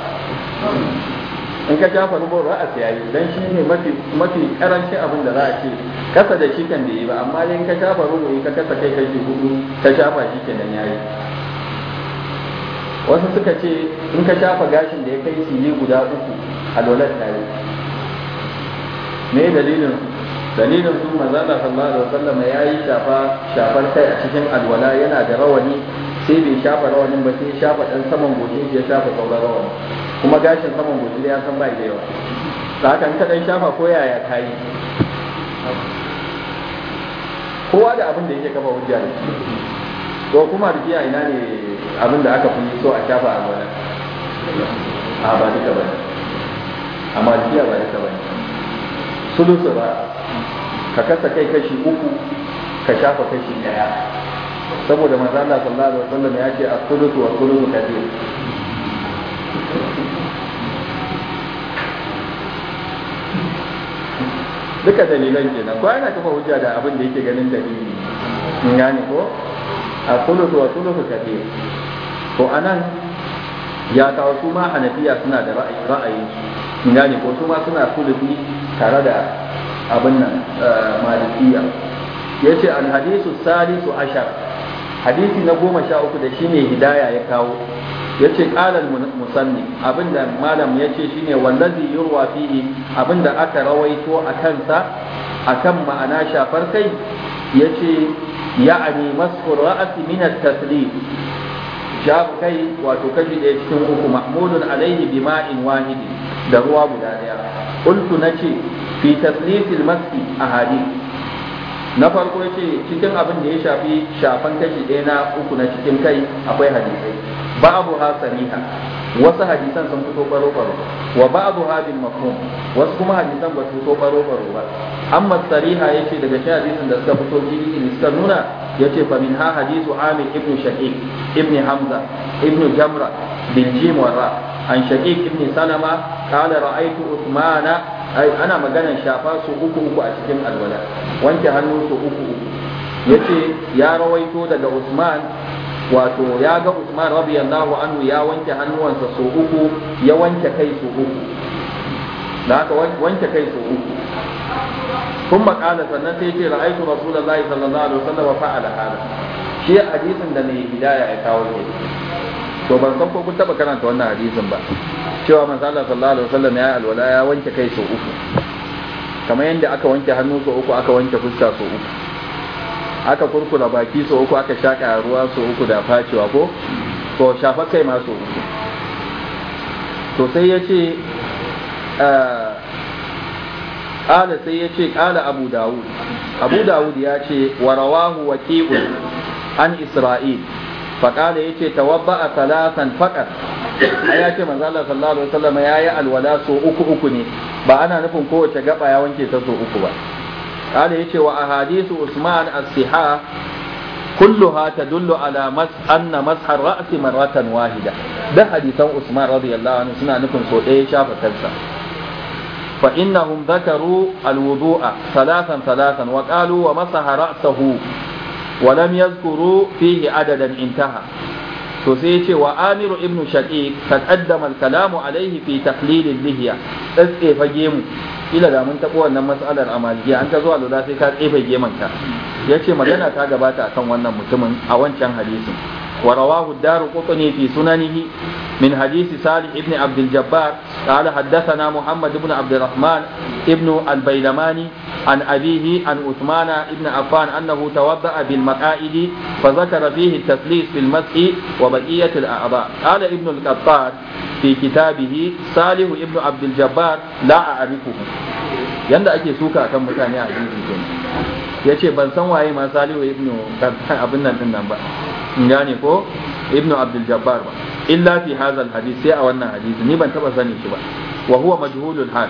in ka shafa rubu ra'as yi, dan shine mafi mafi karanci abin da za a ce kasa da shi kan da yi ba amma in ka shafa rubu ka kasa kai shi hudu ka shafa shi kenan yayi wasu suka ce in ka shafa gashin da ya kai sili guda uku a dolar tare me dalilin dalilin su da sallallahu alaihi wasallam ya yi shafa shafar kai a cikin alwala yana da rawani sai bai shafa rawanin ba sai shafa dan saman goshi ya shafa sauran rawani kuma gashin saman goshi ya san bai da yawa sakan ka dan shafa ko yaya yi. kowa da abin da yake kafa hujja shi to kuma biya ina ne abin da aka fi so a shafa a wannan a ba duka bane amma biya ba duka ne sulusu ba ka kasa kai kashi uku ka shafa kashi daya saboda manzo Allah sallallahu alaihi wasallam ya ce as-sudutu wa sudutu kadir duka dalilan kenan ko ana kafa hujja da abin da yake ganin dalili in gane ko a sulusu wa sulusu kadir ko anan ya kawo su ma hanafiya suna da ra'ayi ra'ayi in gane ko su ma suna sulusi tare da abin nan eh, malikiya ya ce salisu ashar hadisi na goma sha uku da shine hidaya ya kawo ya ce ƙalar musanni abinda malam ya ce shine wallazi yurwa fihi abinda aka rawaito a kansa akan ma'ana shafar kai ya ce ya'ani masu ra'asi minar taslim shafa kai wato kashi ɗaya cikin uku mahmudun alaihi bima'in wahidi da ruwa guda ɗaya qultu nace fi tasnisil maski a hadi na farko cikin abin da ya shafi shafan kashi ɗaya na uku na cikin kai akwai hadisai ba'abu ha sariha wasu hadisan sun fito baro baro wa ba'abu ha bil mafhum wasu kuma hadisan ba su fito baro baro ba ahmad sariha yace daga shi hadisin da suka fito jiri suka nuna yace fa min ha hadisu amir ibn shaqiq ibn hamza ibn jamra bil jim wa ra an shaqiq ibn salama qala ra'aytu uthmana ai ana maganan shafa su uku uku a cikin alwala wanke hannu su uku uku yace ya rawaito daga usman wato ya ga usman radiyallahu anhu ya wanke hannuwansa su uku ya wanke kai su uku da aka wanke kai su uku kun makala sannan sai ce ra'aitu rasulullahi sallallahu alaihi wasallam fa'ala hada shi hadisin da mai hidaya ya kawo ne to ban san ko kun taba karanta wannan hadisin ba cewa manzo Allah sallallahu alaihi wasallam ya alwala ya wanke kai su uku kamar yadda aka wanke hannu su uku aka wanke fuska su uku aka kurkura baki su uku aka shaka ruwa su uku da facewa ko to shafa kai ma su uku to sai ya ce ƙala eh, sai ya ce ƙala abu dawud abu dawud ya ce wa rawahu waqi'un an isra'il faƙala ya ce tawabba a talatan faƙar ya ce manzala sallallahu alaihi wasallam ya yi alwala sau uku uku ne ba ana nufin kowace gaba ya wanke ta so uku ba ƙala ya ce wa ahadisu usman as-siha كلها تدل على مس أن مسح الرأس مرة واحدة ده حديث عثمان رضي الله عنه سنة نكون سوء إيه شافة فإنهم ذكروا الوضوء ثلاثا ثلاثا وقالوا ومسح رأسه ولم يذكروا فيه عددا انتهى تسيتي وآمر ابن شقيق قد قدم الكلام عليه في تقليل اللهية تسقي فجيم إلى لا من تقوى أن مسألة الأمالية أنت زوال لا تسقي فجيمك يكشي مجانا تاقبات أكون وانا متمن أوان كان حديث ورواه الدار قطني في سننه من حديث صالح بن عبد الجبار قال حدثنا محمد بن عبد الرحمن ابن البيلماني عن أبيه عن عثمان بن عفان أنه توضأ بالمقائد فذكر فيه التثليث في المسح وبقية الأعضاء قال ابن القطار في كتابه صالح ابن عبد الجبار لا أعرفه yanda ake suka akan mutane a cikin ya ce ban san waye ma salihu ibnu abin nan din nan ba in gane ko ibnu abdul jabbar ba illa fi hadha al hadith sai a wannan hadisi ni ban taba sani shi ba wa huwa majhulul hal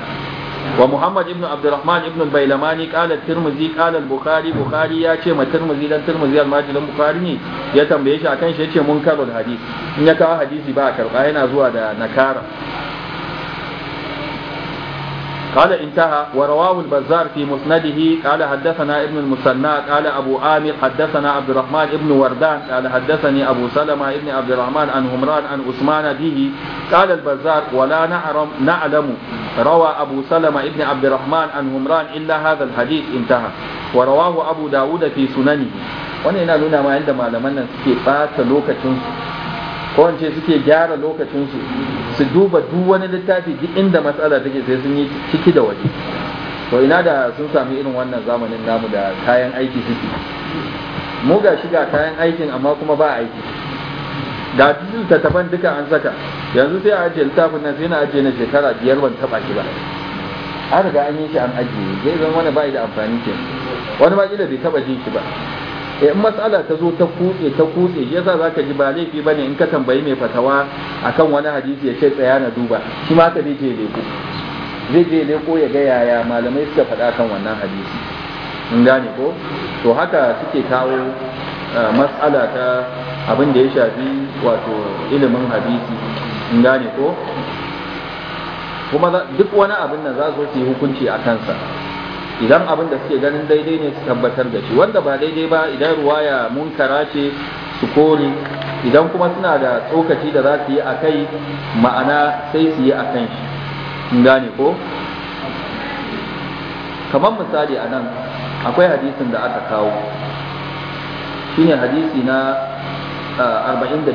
wa muhammad ibnu abdurrahman ibnu bailamani qala tirmidhi qala bukhari bukhari ya ce ma tirmidhi dan tirmidhi almajidan bukhari ne ya tambaye shi akan shi yace munkarul hadisi. in ya kawo hadisi ba a karba yana zuwa da nakara قال انتهى ورواه البزار في مسنده قال حدثنا ابن المثنى قال أبو آمر حدثنا عبد الرحمن ابن وردان قال حدثني أبو سلمة ابن عبد الرحمن عن همران عن عثمان به قال البزار ولا نعلم نعلم روى أبو سلمة ابن عبد الرحمن عن همران إلا هذا الحديث انتهى ورواه أبو داود في سننه wannan yana nuna ma yadda malaman nan suke ɓata lokacinsu ko suke gyara lokacinsu su duba duk wani littafi duk inda matsala take sai sun yi ciki da waje to ina da sun sami irin wannan zamanin namu da kayan aiki suke mu ga shiga kayan aikin amma kuma ba aiki da tattaban duka an saka yanzu sai a ajiye littafin nan sai na ajiye na shekara biyar ban taba shi ba an riga an yi shi an ajiye zai zan wani bai da amfani ke wani ma kila bai taba jin shi ba Eh, in matsala ta zo ta kutse ta kutse shi yasa zaka ji ba laifi bane in ka tambayi mai fatawa akan wani hadisi ya ce tsaya na duba shi ma ka je leko zai je leko ya ga yaya malamai suka faɗa kan wannan hadisi in gane ko to haka suke kawo eh, matsala ta abin da ya shafi wato ilimin hadisi in gane ko kuma duk wani abin nan za su yi hukunci a kansa idan abin da suke ganin daidai ne su tabbatar da shi wanda ba daidai ba idan ruwaya munkara ce su kori idan kuma suna da tsokaci da za su yi a kai ma'ana sai su yi a kan shi gane ko kamar misali a nan akwai hadisin da aka kawo shine hadisi na 46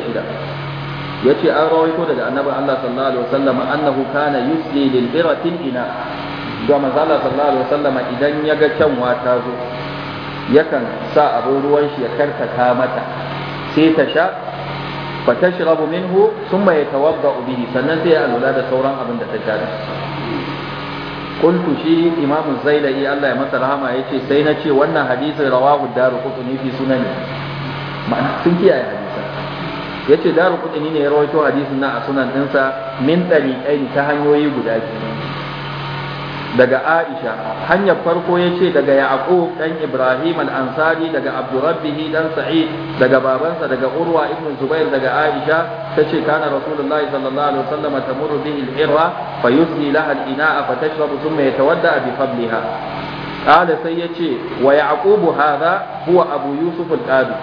yace an rawaito daga annabi Allah sallallahu alaihi wasallam annahu kana yusli lil tun ina Ga manzo Allah sallallahu alaihi wasallama idan ya ga canwa ta zo yakan sa abin ruwan shi ya karkata mata sai ta sha fa tashrabu minhu thumma yatawadda bihi sannan sai ya alwala da sauran abin da ta sha kuntu shi imamu zailai Allah ya masa rahama yace sai na ce wannan hadisin rawahu daru qutni fi sunani ma'ana sun kiyaye hadisin yace daru qutni ne ya rawaito hadisin nan a sunan dinsa min tariqaini ta hanyoyi guda biyu daga Aisha hanyar farko ya ce daga Yaqub dan Ibrahim al-Ansari daga Abdurrabbihi dan Sa'id daga babansa daga Urwa ibn Zubair daga Aisha tace kana Rasulullahi sallallahu alaihi wasallam tamurru bihi al-irra fayusli laha al-ina'a fatashrabu thumma yatawadda bi fadliha wa سيتي ويعقوب هذا هو أبو يوسف القاضي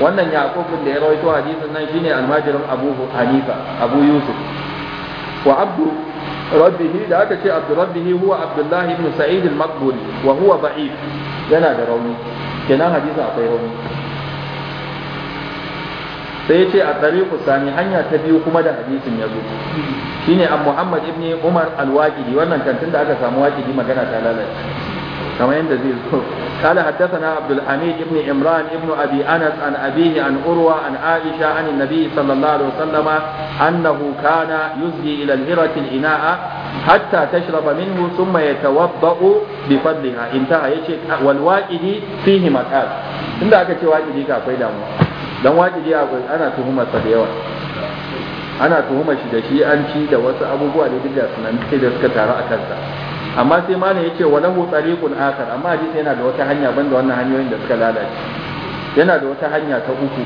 wannan yaqub da ya rawaito hadisin nan shine almajirin abu hanifa abu yusuf wa abdu rabbihi da aka ce abdu huwa abdullah ibn sa'id al-maqbul wa huwa da'if yana da rauni kenan hadisi akwai rauni sai ya ce a tsare ku sani hanya ta biyu kuma da hadisin ya zo shine an muhammad ibn umar al-waqidi wannan kantin da aka samu waqidi magana ta lalace kamar yadda zai zo قال حدثنا عبد الحميد بن عمران بن أبي أنس عن أبيه عن أروى عن عائشة عن النبي صلى الله عليه وسلم أنه كان يزجي إلى الهرة الإناء حتى تشرب منه ثم يتوضأ بفضلها انتهى يشيك والواجد فيه مقال عند أكتش واجدي كأفيد أمو dan wajibi akwai ana tuhumar sa da yawa ana tuhumar shi da shi an ci da wasu abubuwa da duk da sunan da suka taru a kansa amma sai malam yace wa lahu tariqun akhar amma hadisi yana da wata hanya banda wannan hanyoyin da suka lalace yana da wata hanya ta uku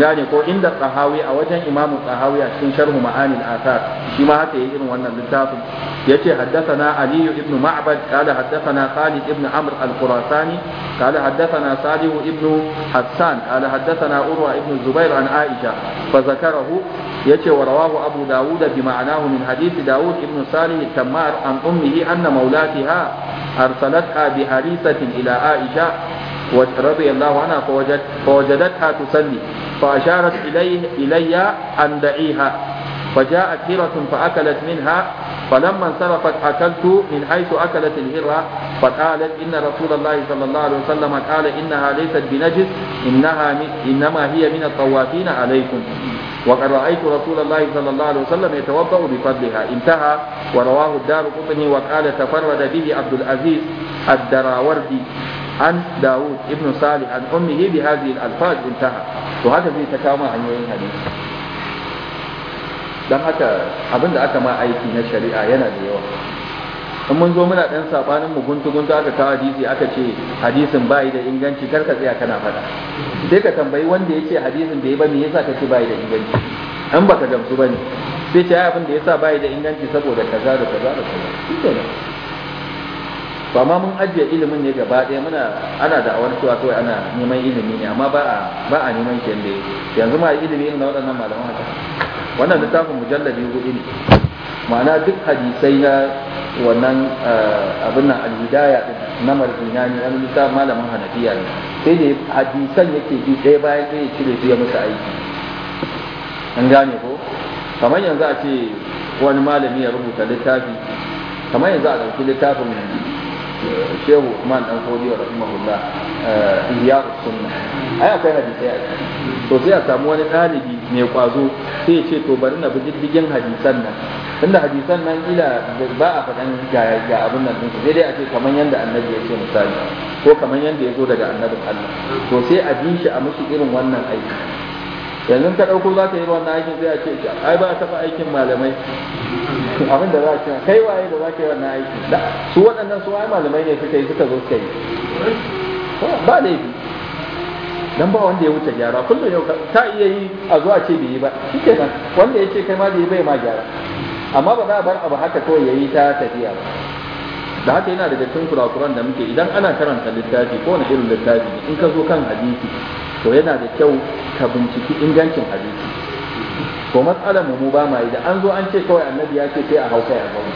gane ko inda tsahawi a wajen imamu tsahawi a cikin sharhu ma'anin asar shi ma haka yi irin wannan littafin yace haddathana ali ibn ma'bad qala haddathana khalid ibn amr al-qurasani qala haddathana salih ibn hassan qala haddathana urwa ibn zubair an aisha fa zakarahu يتي ورواه أبو داود بمعناه من حديث داود ابن dawud التمار عن أمه أن مولاتها أرسلتها maulatiha إلى عائشة رضي الله عنها فوجد فوجدتها تصلي فأشارت إليه إلي أن دعيها فجاءت هرة فأكلت منها فلما انصرفت أكلت من حيث أكلت الهرة فقالت إن رسول الله صلى الله عليه وسلم قال إنها ليست بنجس إنها إنما هي من الطوافين عليكم وقد رأيت رسول الله صلى الله عليه وسلم يتوضأ بفضلها انتهى ورواه الدار قطني وقال تفرد به عبد العزيز الدراوردي عن داود ابن صالح عن أمه بهذه الألفاظ انتهى وهذا في تكامل عن يوين حديث don haka abin da aka ma aiki na shari'a yana da yawa in mun zo muna dan sabanin mu guntu guntu aka kawo hadisi aka ce hadisin bai da inganci kar ka tsaya kana faɗa sai ka tambayi wanda yake hadisin bai ba me yasa ka ce bai da inganci an baka gamsu ba ne sai ce abin da yasa bai da inganci saboda kaza da kaza da kaza shikenan ba ma mun ajiye ilimin ne gaba ɗaya muna ana da awar cewa kawai ana neman ilimi ne amma ba a ba a neman shi yanzu ma ilimi ne na waɗannan malaman haka wannan littafin mujalladi hudu ne ma'ana duk hadisai na wannan eh, abin nan al-hidaya na marjina ne wani nisa malamin hanafiya ne sai da hadisan yake bi ɗaya bayan ɗaya ya cire su ya musu aiki an gane ko kamar yanzu a ce wani malami ya rubuta littafi kamar yanzu a ɗauki littafin shehu man dan kodiyo rahimahullah eh, iya sunna ai akwai hadisi to sai a samu wani ɗalibi mai kwazo sai ya ce to bari na bi diddigin hadisan nan tunda hadisan nan ila ba a faɗan ga abin nan din sai dai a ce kamar yadda annabi ya ce misali ko kamar yadda ya zo daga annabin Allah to sai a bi shi a mushi irin wannan aiki yanzu ka ɗauko za ka yi wannan aikin sai a ce ai ba a taɓa aikin malamai abin da za a ce kai waye da za ka yi wannan aikin su waɗannan su ai malamai ne suka yi suka zo suka yi ba laifi dan ba wanda ya wuce gyara kullum yau ta iya yi a zuwa ce bai yi ba shikenan wanda ya ce kai ma da bai ma gyara amma ba za a bar abu haka kawai yayi ta tafiya ba da haka yana da cikin kurakuran da muke idan ana karanta littafi ko wani irin littafi in ka zo kan hadisi to yana da kyau ka binciki ingancin hadisi to matsalar mu mu ba ma yi da an zo an ce kawai annabi ya ce sai a hauka ya zauna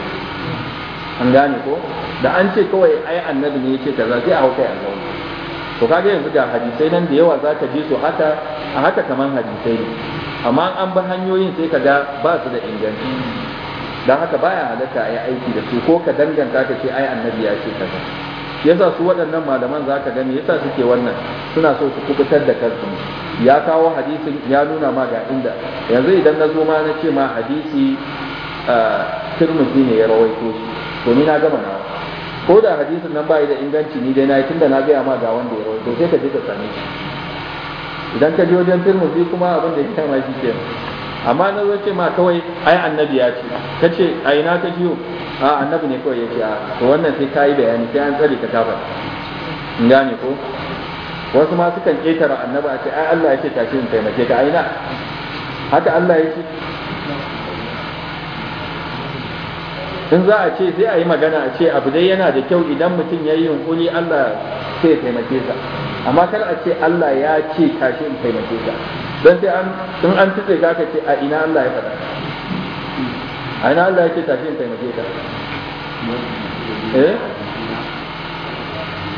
an gane ko da an ce kawai ai annabi ne ya ce kaza sai a hauka ya zauna to kaga yanzu ga hadisai nan da yawa zaka ji su haka a haka kaman hadisai ne amma an bi hanyoyin sai kaga ba su da inganci dan haka baya halatta ayi aiki da su ko ka danganta ka ce ai annabi ya ce kaza yasa su waɗannan malaman zaka gani yasa suke wannan suna so su kubutar da kansu ya kawo hadisin ya nuna ma ga inda yanzu idan na zo ma na ce ma hadisi ah, turmuzi ne ya rawaito shi to ni na gama nawa ko da hadisin nan bai da inganci ni dai nayi tunda na gaya ma ga wanda ya rawaito sai ka je ka same shi idan ka je wajen tirmidhi kuma abin da ya kama shi ke amma na zo ce ma kawai ai annabi ya ce ka ce a ina ka jiyo a annabi ne kawai ya ce a to wannan sai ka yi bayani sai an tsare ka kafa in gane ko wasu ma sukan ketara annabi a ce ai Allah ya ce tashi in taimake ka aina haka Allah ya ce in za a ce sai a yi magana a ce abu dai yana da kyau idan mutum ya yi yunkuri Allah sai taimake sa amma kar a ce Allah ya ce kashi in taimake ka don sai an in an tutse ka ka ce a ina Allah ya faɗa a ina Allah ya ce kashi in taimake ka eh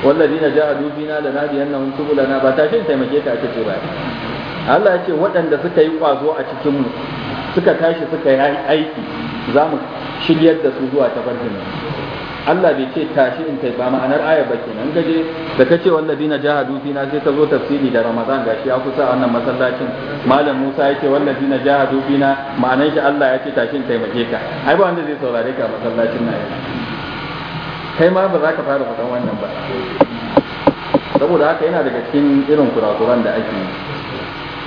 والذين جاءوا بنا لنهدينهم سبلنا ba tashi in taimake ka ake ce ba Allah ya ce waɗanda suka yi kwazo a cikin mu suka tashi suka yi aiki za mu shiryar da su zuwa tafarkin Allah bai ce tashi in kai ba ma'anar ayar ba kenan gaje da kace walladina jahadu fina sai ka zo tafsiri da Ramadan gashi ya kusa wannan masallacin malam Musa yake walladina jahadu fina ma'anar shi Allah ya ce tashi in kai taimake ka ai ba wanda zai saurare ka masallacin nan kai ma ba za ka fara fadan wannan ba saboda haka yana daga cikin irin kurakuran da ake yi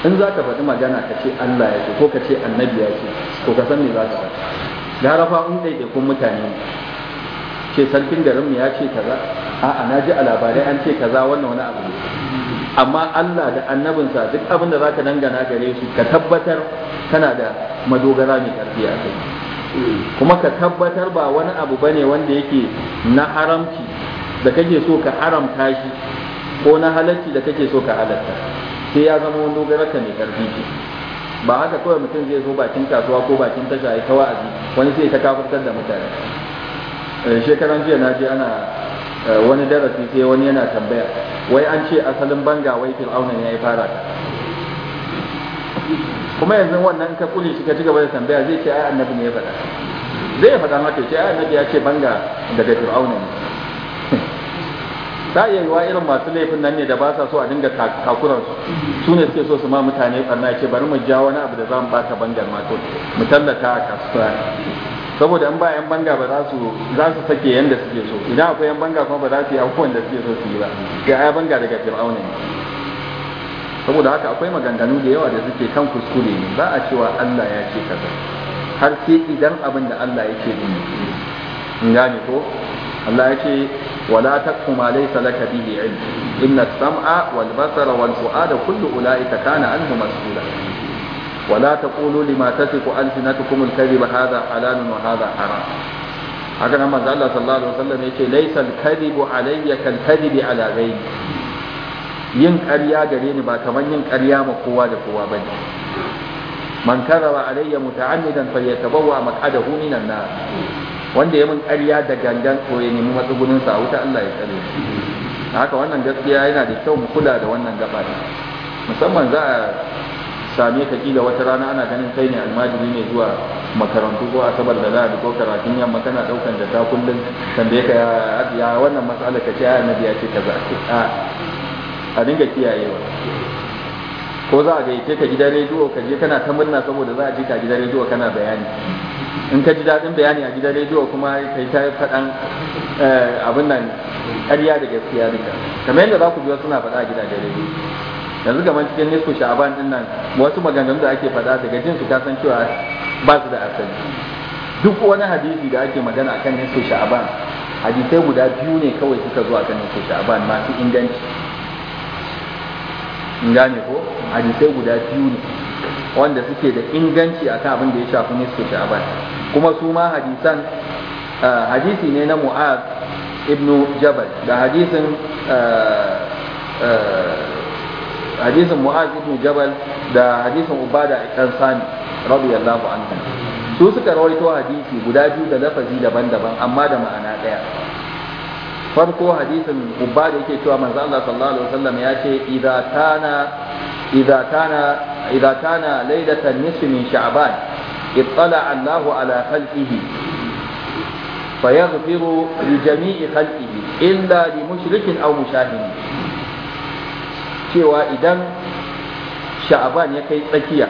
in za ka faɗi magana ka ce Allah ya ce ko ka ce annabi ya ce ko ka san me za ka faɗi gara fa in kun mutane ce sarkin garinmu ya ce kaza a'a na ji a labarai an ce kaza wannan wani abu amma Allah da annabinsa duk abin da za ka dangana gare su ka tabbatar kana da madogara mai karfi a kai kuma ka tabbatar ba wani abu bane wanda yake na haramci da kake so ka haramta shi ko na halarci da kake so ka halarta sai ya zama wani dogararka mai karfi ce ba haka kawai mutum zai zo bakin kasuwa ko bakin tasha ya kawa wa'azi wani sai ta kafurtar da mutane eh, shekaran jiya na je ana eh, wani darasi sai wani yana tambaya wai an ce asalin banga wai auna ne ya fara ta kuma yanzu wannan ka kule shi ka ci gaba da tambaya zai ce ai annabi ne ya faɗa zai faɗa maka ce ai annabi ya ce banga daga auna ne ta iya yiwa irin masu laifin nan ne da ba sa so a dinga takuran su ne suke so su ma mutane barna ce bari mu ja wani abu da za mu bata bangar mato mu tallata a kasuwa saboda in ba yan banga ba za su za su sake yanda suke so idan akwai yan banga kuma ba za su yi abubuwan da suke so su yi ba ga banga daga fir'auna ne saboda haka akwai maganganu da yawa da suke kan kuskure ne ba a cewa Allah ya ce kaza har sai idan abin da Allah yake din in gane ko Allah ya ce wala taqfu ma laysa laka bihi ilm inna as-sam'a wal basara wal fu'ada kullu ulaika kana anhu mas'ula wala taqulu lima tasifu alsinatukum al-kadhib hadha halalun wa hadha haram haka nan manzo Allah sallallahu alaihi wasallam yace laysa al-kadhibu alayya kal-kadhibi ala ghayri yin ƙarya gare ni ba kaman yin ƙarya ma kowa da kowa bane man kadhaba alayya muta'ammidan falyatabawwa maq'adahu minan nar wanda ya mun ƙarya da gangan ko ya nemi matsugunin sa wuta Allah ya tsare shi haka wannan gaskiya yana da kyau mu kula da wannan gaba musamman za a same ka kila wata rana ana ganin kai ne almajiri ne zuwa makarantu ko asabar da lahadi ko karatun yamma kana daukan da ta kullum tambaye ka ya wannan matsala ka ce ya annabi ya ce kaza a a dinga kiyayewa ko za a gayyace ka gidan rediyo ka je kana ta murna saboda za a ji ka gidan rediyo kana bayani in ka ji daɗin bayani a gidan rediyo kuma ka yi ta faɗan eh, abin nan ƙarya da gaskiya duka kamar yadda za ku biyo suna faɗa a gidajen rediyo yanzu gaban cikin nisfu sha'aban din nan wasu maganganu da ake faɗa daga jinsu ka san cewa ba su da asali duk wani hadisi da ake magana akan nisfu sha'aban hadisai guda biyu ne kawai suka zo akan nisfu sha'aban masu inganci in gane ko hadisai guda biyu ne wanda suke da inganci akan abin da ya shafi nisfu sha'ban kuma su ma hadisan hadisi ne na mu'az ibnu jabal da hadisin hadisin mu'az ibn jabal da hadisin ubada dan sami radiyallahu anhu su suka rawaito hadisi guda biyu da lafazi daban-daban amma da ma'ana daya farko hadisin ubada yake cewa manzo Allah sallallahu alaihi wasallam ya ce idza kana إذا كان إذا كان ليلة النصف من شعبان اطلع الله على خلقه فيغفر لجميع خلقه إلا لمشرك أو مشاهد cewa idan sha'aban ya kai tsakiya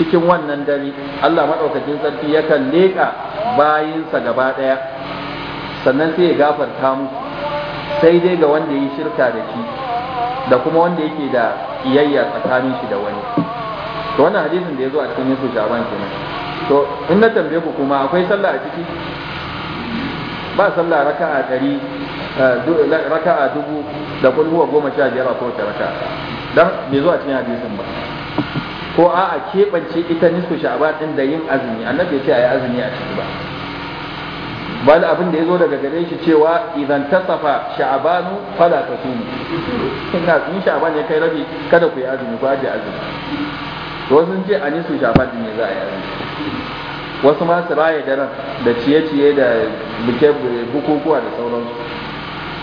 cikin wannan dare Allah maɗaukacin sarki yakan leƙa bayinsa gaba ɗaya sannan sai ya gafarta musu sai dai ga wanda ya yi shirka da shi da kuma wanda yake da kiyayya tsakanin shi da wani to wannan hadisin da ya zo a cikin su shaban kenan to in na tambaye ku kuma akwai sallah a ciki ba sallah raka'a ɗari eh, raka'a dubu da wa goma sha biyar a kowace raka'a dan bai zo a cikin hadisin ba ko a keɓance ita nisku sha'ban din da yin azumi annabi ya ce a yi azumi a ciki ba bal abin da zo daga gare shi cewa idan tasafa sha'banu fala tasum ina sun sha'ban ya kai rabi kada ku yi azumi ku aje azumi to sun ce an yi su sha'ban din ne za a yi azumi wasu ma su raye daren da ciye-ciye da buke bukukuwa da sauransu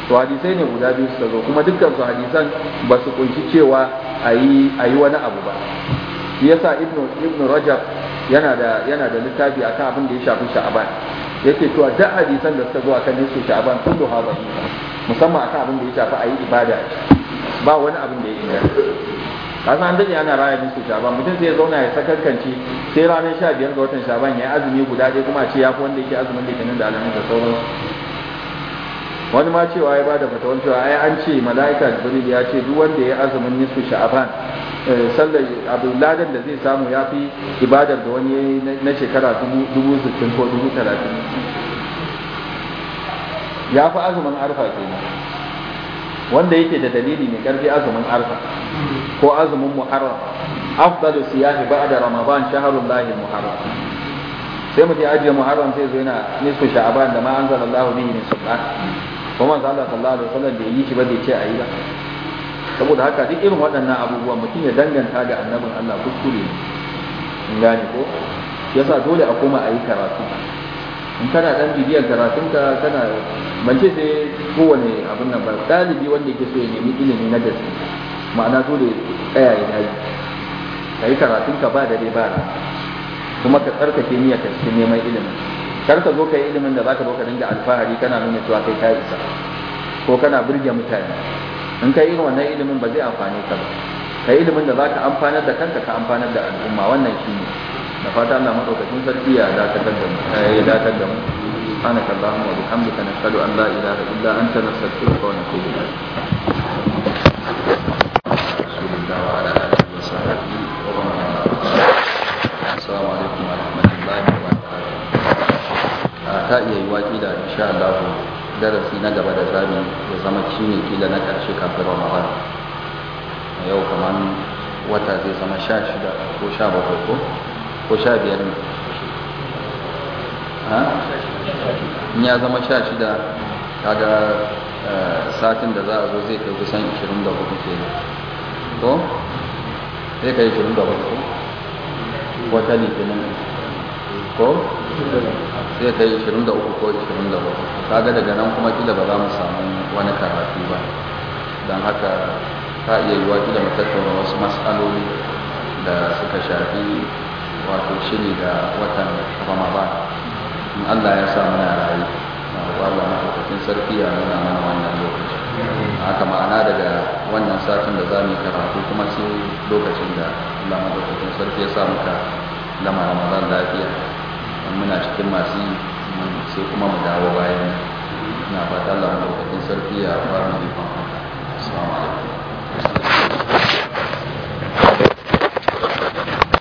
to hadisai ne guda biyu su zo kuma dukkan su hadisan ba su kunshi cewa a yi wani abu ba shi yasa ibnu rajab yana da yana da littafi akan abin da ya shafi sha'ban yake tuwa da'adi hadisan da suka zo akan aban sha'aban da hada musamman akan abin da ya shafi ayi ibada ba wani abin da ya inganta kasan an ana raya su sha'aban mutum sai zauna ya sakarkanci sai ranar sha biyar ga watan sha'aban ya azumi guda ɗaya kuma ce ya fi wanda yake azumin litinin da alamin da sauransu wani ma cewa ya bada fatawar cewa ai an ce mala'ika jibril ya ce duk wanda ya azumin nisfu sha'aban Eh, sallar abu ladan da zai samu ya fi ibadar da wani na shekara dubu sittin ko dubu ya fi azumin arfa kenan wanda yake da dalili mai karfi azumin arfa ko azumin muharram afdalu siyahi ba'da ramadan shahrul lahi muharram sai mutum ya ajiye muharram sai zo yana nisfu sha'aban da ma anzalallahu bihi min sultan kuma manzo Allah sallallahu alaihi wasallam bai yi shi ba bai ce a yi ba saboda haka duk irin waɗannan abubuwan mutum ya danganta ga annabin Allah kuskure in gane ko yasa dole a koma a yi karatu in kana ɗan bibiyar ka kana mace sai kowane abin nan ba ɗalibi wanda yake so ya nemi ilimi na gaske ma'ana dole tsaya ya daji ka yi karatun ka ba dare ba kuma ka tsarkake niyyar ka cikin neman ilimin kar ka zo ka yi ilimin da ka zo ka dinga alfahari kana nuna cewa kai ka isa ko kana birge mutane in ka yi wannan ilimin ba zai amfane ka ba ka ilimin da za ka amfanar da kanka ka amfanar da al'umma wannan shi ne da fata Allah maɗaukakin sarki ya dakatar da mu eh, ya dakatar da mu subhanak allahumma wa bihamdika nashhadu an la ilaha illa anta nastaghfiruka wa natubu ilaik ah, ta iya yi waƙi da insha Allah darasi na gaba da zami ya zama shi ne kila na ƙarshe kafin ramadan yau kamar wata zai zama sha shida ko sha bakwai ko ko sha biyar ne in ya zama sha shida kaga eh, satin da za a zo zai kai kusan 24 ke ko zai kai 24 ko wata litinin ko sai kai 23 ko 24 ga daga nan kuma kila ba za mu samu wani karatu ba don haka ta iya yi kila da tattauna wasu matsaloli da suka shafi wato ne da watan ba. in allah ya sa muna rayu na allah na hukacin sarki ya nuna mana wannan lokaci haka ma'ana daga wannan satin da za mu yi karatu kuma sai lokacin da lamar na hukacin sarki ya sa muka gama ramadan lafiya muna cikin masu yi sai kuma mu dawo bayan na fata Allah mu sarki ya fara mu haka. assalamu alaikum